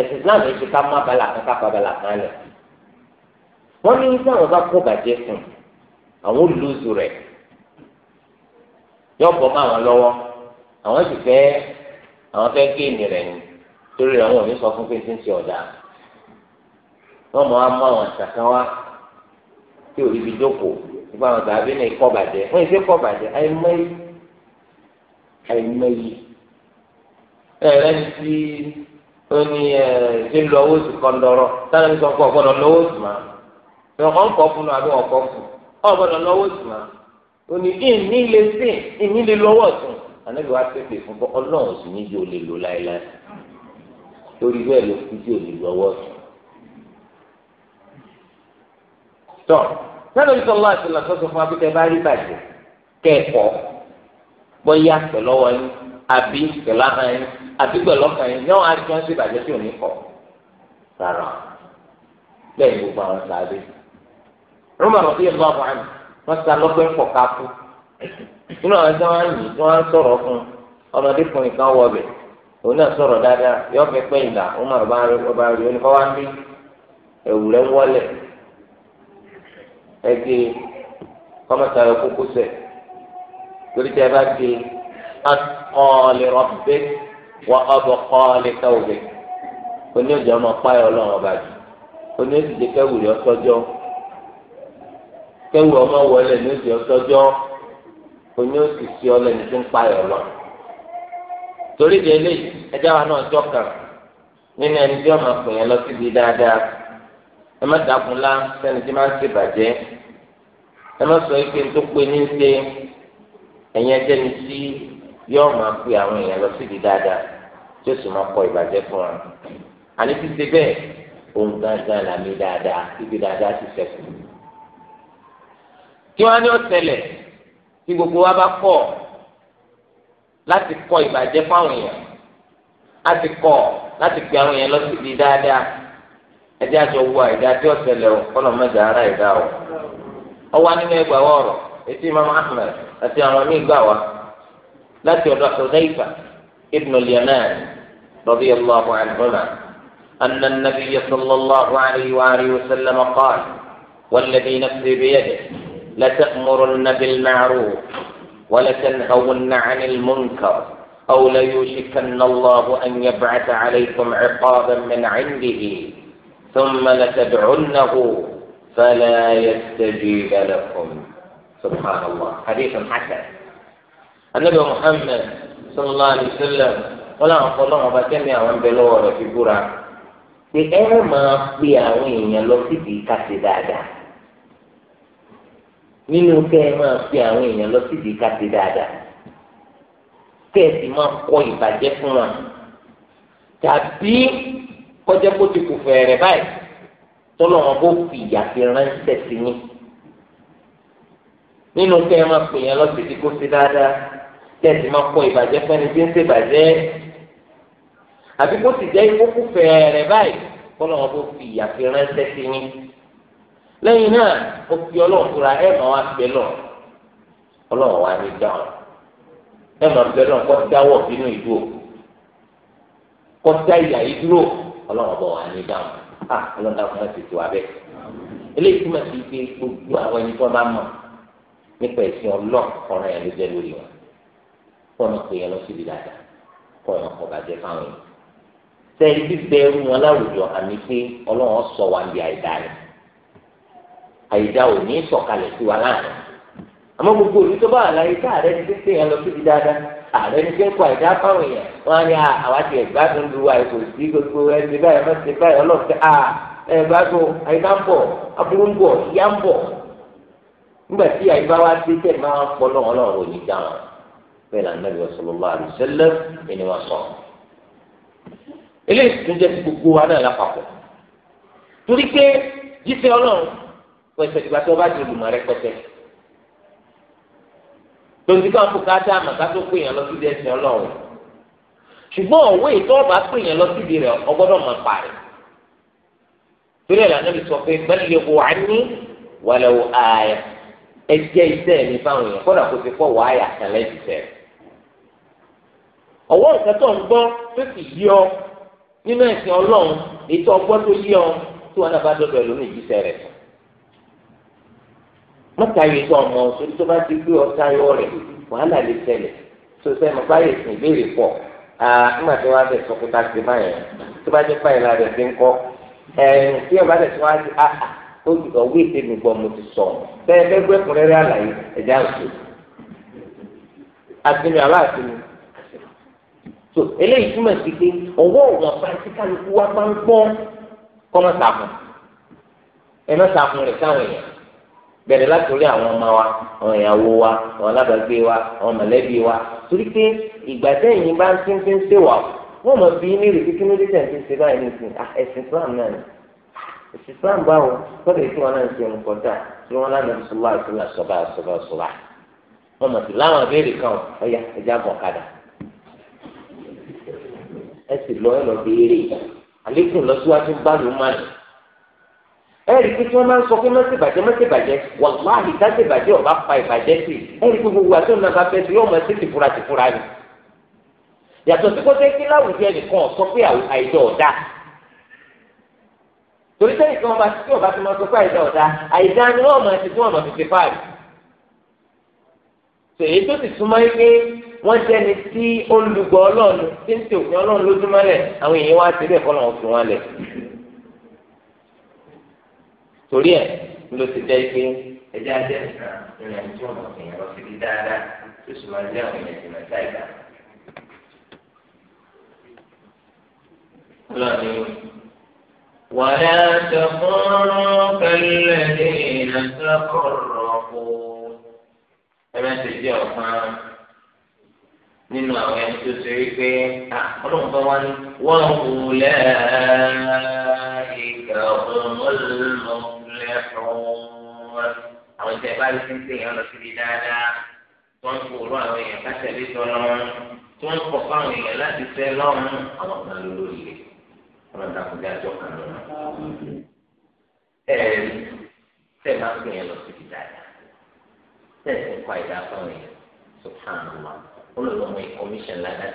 ẹ̀sìn Islam yìí ti ká má bala kan ká pa bala kan lẹ̀ wọ́n ní sáwọn bá kọ́ bàjẹ́ fún àwọn olùlóso rẹ̀ yọ bọ̀ mọ́ àwọn lọ́wọ́ àwọn sì fẹ́ àwọn fẹ́ géènì rẹ̀ ni torí àwọn ò ní sọ fún pé ti ń ṣe ọ̀daràn wọn mọ amọ àwọn àtàkà wa tí ò ríbi jókòó nípa àwọn tàbí ní ikọ́ bàjẹ́ wọn èsì kọ́ bàjẹ́ àìmọye àìmọye ẹ̀rẹ́ ní ti ó ní ẹ̀ ṣe lọ owó sí kọ́ńdọ̀rọ̀ táwọn ẹni sọ pé ọ̀gbọ́dọ̀ lọ́wọ́ sí ma ọkọ̀ ń kọ́ fún un àbí ọkọ̀ fún un ọ̀gbọ́dọ̀ lọ́wọ́ sí ma ó ní ìní lè sìn ìní lè lọ́wọ́ sùn ànábi wa pépè fún bọ́ ọlọ́run sì ní ju olè lò láéláé torí bẹ́ẹ̀ ló kú ju olè lọ́wọ́ sùn. tọ́ sẹ́nu ìsọ̀lá ìsọ̀lá sọ́sọ fún abíkẹ́ bá rí bàjẹ́ kẹ́ẹ̀kọ́ bọ́yá pẹ̀lọ́wọ́ yín àbí pẹ̀láhàn yín àbí pẹ̀lọ́kàn yín yọ̀ọ́ àti wọn sí bàjẹ́ tí ò ní kọ́ rárá bẹ́ẹ̀ ni gbogbo àwọn sáré rúmọ̀ rọ̀ sí ìlú àwọn àmì wọ́n sá lọ́gbẹ́ ń káfú nínú àwọn ẹ̀sán wọn yìí tí fún òun náà dáadáa bá rí ń ẹgbẹ́ e, kọ́mọ́tà yọ kókó sẹ̀ torí tí a bá gbé e, akọ́ọ̀lì rọ̀bẹ́ wà ọ̀bọ̀ kọ́ọ̀lì káwọ̀bẹ́ oní ọjà ọmọ páyọ̀ ọlọ́run ọba jù oní òsìsẹ́ kẹwùrì ọtọ́jọ́ kẹwùrì ọmọ wọlé ní òsì ọtọ́jọ́ oní òsìsẹ́ ọlẹ́ni tó ń páyọ̀ ọlọ́run torí di eléyìí ẹjá wa náà jọ kàn nínú ẹni tí ọmọ pè dáadáa ẹ má dàkún lá sẹ́ni tí máa ń ṣe bàjẹ́ ẹ má sọ ike tó pé ní ṣe ẹ̀yin ẹjẹ́ ni sí yóò máa pe àwọn èèyàn lọ síbi dáadáa tí ó sì máa kọ ìbàjẹ́ fún wa àní ti ṣe bẹ́ẹ̀ ohun gángan làmì dáadáa ibi dáadáa ti ṣẹ̀kù kí wọ́n á ní ọ̀tẹlẹ̀ tí gbogbo wa bá kọ̀ láti kọ ìbàjẹ́ fáwọn èèyàn láti kọ̀ láti pe àwọn èèyàn lọ síbi dáadáa. ẹjẹ àjọ wo àìdá tí ọ̀sẹ̀lẹ̀ ọ̀kọ́nà mẹ́ta ara ẹ̀dá o. ọwọ́ nínú ẹgbàá ọ̀rọ̀ etí imam ahmed àti àwọn míì gbà wá láti ọ̀dọ̀ àtọ̀dáìfà ibn al-yaman radiyallahu anhuma أن النبي صلى الله عليه وآله وسلم قال والذي نفسي بيده لتأمرن بالمعروف ولتنهون عن المنكر أو ليوشكن الله أن يبعث عليكم عقابا من عنده ثم لتدعنه فلا يستجيب لكم سبحان الله حديث حسن النبي محمد صلى الله عليه وسلم wọ́n láwọn fọlọ́ wọn bá tẹ́mi àwọn ń bẹ lọ́wọ́ rẹ̀ fi búra pé ẹ máa pe àwọn èèyàn lọ síbi kàṣe dáadáa nínú kẹ́ ẹ máa pe àwọn èèyàn lọ síbi kàṣe dáadáa kẹ́ ẹ sì máa kọ ìbàjẹ́ fún wa tàbí kọjá kó ti kù fẹ̀rẹ̀ báyìí tọ́lọ̀ wọn bó fi ìyà fi ránṣẹ́ sí yín nínú kẹ́ ẹ máa pè yẹn lọ sí ti kó sí dáadáa tẹ̀sí máa kọ ìbàjẹ́ fẹ́ni tí ń ṣèbàjẹ́ àbí kó sì jẹ́ ìkókù fẹ̀rẹ̀ báyìí tọ́lọ̀ wọn bó fi ìyà fi ránṣẹ́ sí yín lẹ́yìn náà ó fi ọlọ́run fúnra ẹ̀ máa wá pẹ́ lọ ọlọ́run wá ní dáhùn ẹ̀ máa pẹ́ lọ kọ́ ọlọ́run bọ̀ wá ní dáhùn à ah, ọlọ́run dáhùn náà ti tu abẹ́ eléyìí túmọ̀ sí pé gbogbo àwọn ẹni tó bá mọ̀ nípa ẹ̀sìn ọlọ́run ọ̀ràn ẹ̀ ló jẹ́ lórí wọn kó ọmọ pè yẹn lọ síbi dáadáa kó ọmọ kọ bàjẹ́ fáwọn yìí sẹ́yìn bíbẹ ẹrú wọn láwùjọ àmì pé ọlọ́run sọ wá ní àìdá rẹ̀ àìdá ò ní sọ̀kalẹ̀ sí wa láàrin àmọ́ gbogbo òbí tó bá àlàyé káàrẹ́ ààrẹ ní sẹ́kù àìdá fáwọn èèyàn wọ́n á ní àwọn àti ẹ̀gbádùn lu àìkò sí gbogbo ẹni báyìí wọ́n ti báyìí ọlọ́ọ̀tẹ́ à ẹ̀gbádùn àìdá ń bọ̀ aburú ń bọ̀ ìyá ń bọ̀ nígbà tí àyíká wa ti tẹ̀ máa ń pọ̀ lọ́wọ́ lọ́wọ́ òní dá wọn bẹ́ẹ̀ náà nàbí sallallahu alaihi wasallam ẹni wọn sọ. eléyìí tún jẹ́ gbogbo wa náà lápapọ̀ torí pé jíṣẹ́ ọlọ́run pẹ̀sẹ̀ ìgbà tó bá ti lùmọ̀ rẹpẹtẹ lòdì kan kò káàtà àmà kátó pé yẹn lọ síbi ẹsẹ̀ ọlọ́run ṣùgbọ́n òwe ìtọ́ọ̀bà pé yẹn lọ síbi rẹ̀ ọgbọ́dọ̀ máa parí torí ẹ̀ lànà mi sọ pé bẹ́ẹ̀ wò á ní wàlẹ̀ wò ààyè ẹ jẹ́ iṣẹ́ mi fáwọn èèyàn kódà kó ti pọ̀ wọ àyà kan lẹ́yìn tẹ̀. nǹkan tó ń gbọ́ tó sì yí ọ nínú ẹ̀sìn ọlọ́run ètò tó yí ọ tí wọn náà bá dọ̀dọ̀ ẹ̀ lónìí ìjíṣẹ́ rẹ̀ mọ́tàyè tó ọmọ sórí tó bá ti gbé ọ̀tayọ rẹ̀ wàhálà lè tẹ̀lẹ̀ tó sẹ́ mo báyè sìn ìbéèrè pọ̀ nígbà tó wá bẹ̀ sọkúta sí báyẹn tó bá jẹ́ báyìí la rẹ̀ ti ń kọ́ tí ẹ̀ bá tẹ̀ tó wá sí àhà ọ̀wé tèmi gbọ́ mo ti sọ bẹ́ẹ̀ bẹ́ẹ̀ gbẹ́ kúnrẹ́rẹ́ àlàyé ẹ̀já òṣèlú àtìmí àbá àtìmí so eléyìí túmọ̀ sí pé ọwọ́ ọ̀wọ́ pàṣẹ kálukú wa máa ń gbọ́ kọ́mọ́sàkùn ẹ̀ mọ́sàkùn rẹ̀ sáwọn èèyàn bẹ̀rẹ̀ láti orí àwọn ọmọ wa àwọn ìyàwó wa àwọn alábàágbé wa àwọn mọ̀lẹ́bí wa torí pé ìgbà tẹ́yìn bá ń tí ń fi ń ṣèwà wọ́n mọ̀ bí ní ìrètí kí ló dé tẹ̀sí ṣe báyìí ní ìsìn ah, ẹ̀sìn Islam náà ni ẹ̀sìn Islam báwo sọ́dọ̀ èyí tí wọ́n náà ń ṣe ń kọjá tí wọ́n lánàá bisimilá ìṣúná sọ́ba sọ́ba sọ́ba wọ́n mọ̀ sí láwọn abéèrè kan ọ̀yà ẹja bọ̀ ẹ ẹ̀rí pé tí wọ́n máa ń sọ pé má bàjẹ́ má bàjẹ́ bàjẹ́ ọ̀bá fa ìbàjẹ́ sí ẹ̀rí pé gbogbo àti ọ̀nà bàbá ẹ̀sìn yóò máa ṣe tìfura tìfura ni. yàtọ̀ sí kóté kí láwùjọ ẹnìkan sọ pé àìjọ ọ̀dà torí sẹ́yìn tí wọ́n bá tí ọ̀bá ti máa sọ pé àìjọ ọ̀dà àìjọ ni wọ́n máa ti tí ti súnmọ́ pé wọ́n jẹ́ni tí ó ọlọ́run tí torí ẹ̀ ló ti jẹ́ pé ẹjẹ́ ajẹ́ nìkan nínú ẹni tí wọ́n mọ̀ sí ìyẹn lọ síbi dáadáa tó sì máa jẹ́ àwọn èèyàn ìgbìmọ̀ sáìdá. lọ́ni wàlẹ́ àtẹ̀kùnrin kẹlẹ́ ní ìlànàkọ̀rọ̀ kù. ẹ ti jẹ́ ọ̀kan nínú àwọn ẹni tó ṣe wípé ah, ọlọ́run bá wá ní wọ́n wù lẹ́ẹ̀ẹ́ ìkà ọmọlẹ́mọ̀lẹ́fọ̀ọ́n. àwọn ìjẹ́ bá rí sísè yẹn lọ síbi dáadáa tó ń fòrò àwọn èèyàn kásẹ̀lé sọ̀rọ̀ tó ń pọ̀ fáwọn èèyàn láti fẹ́ lọ́run àwọn kan ló lórí rẹ̀ ọlọ́run dàkúndé àjọ kan lọ́nà. ẹ̀ẹ́dì tẹ̀ máa ń pè lọ síbi dáadáa tẹ̀ ń kọ́ àìdá fáwọn èèyàn sọ̀tàn àwọn olùlọ́mọ ìkọ́míṣẹ̀ ládàá.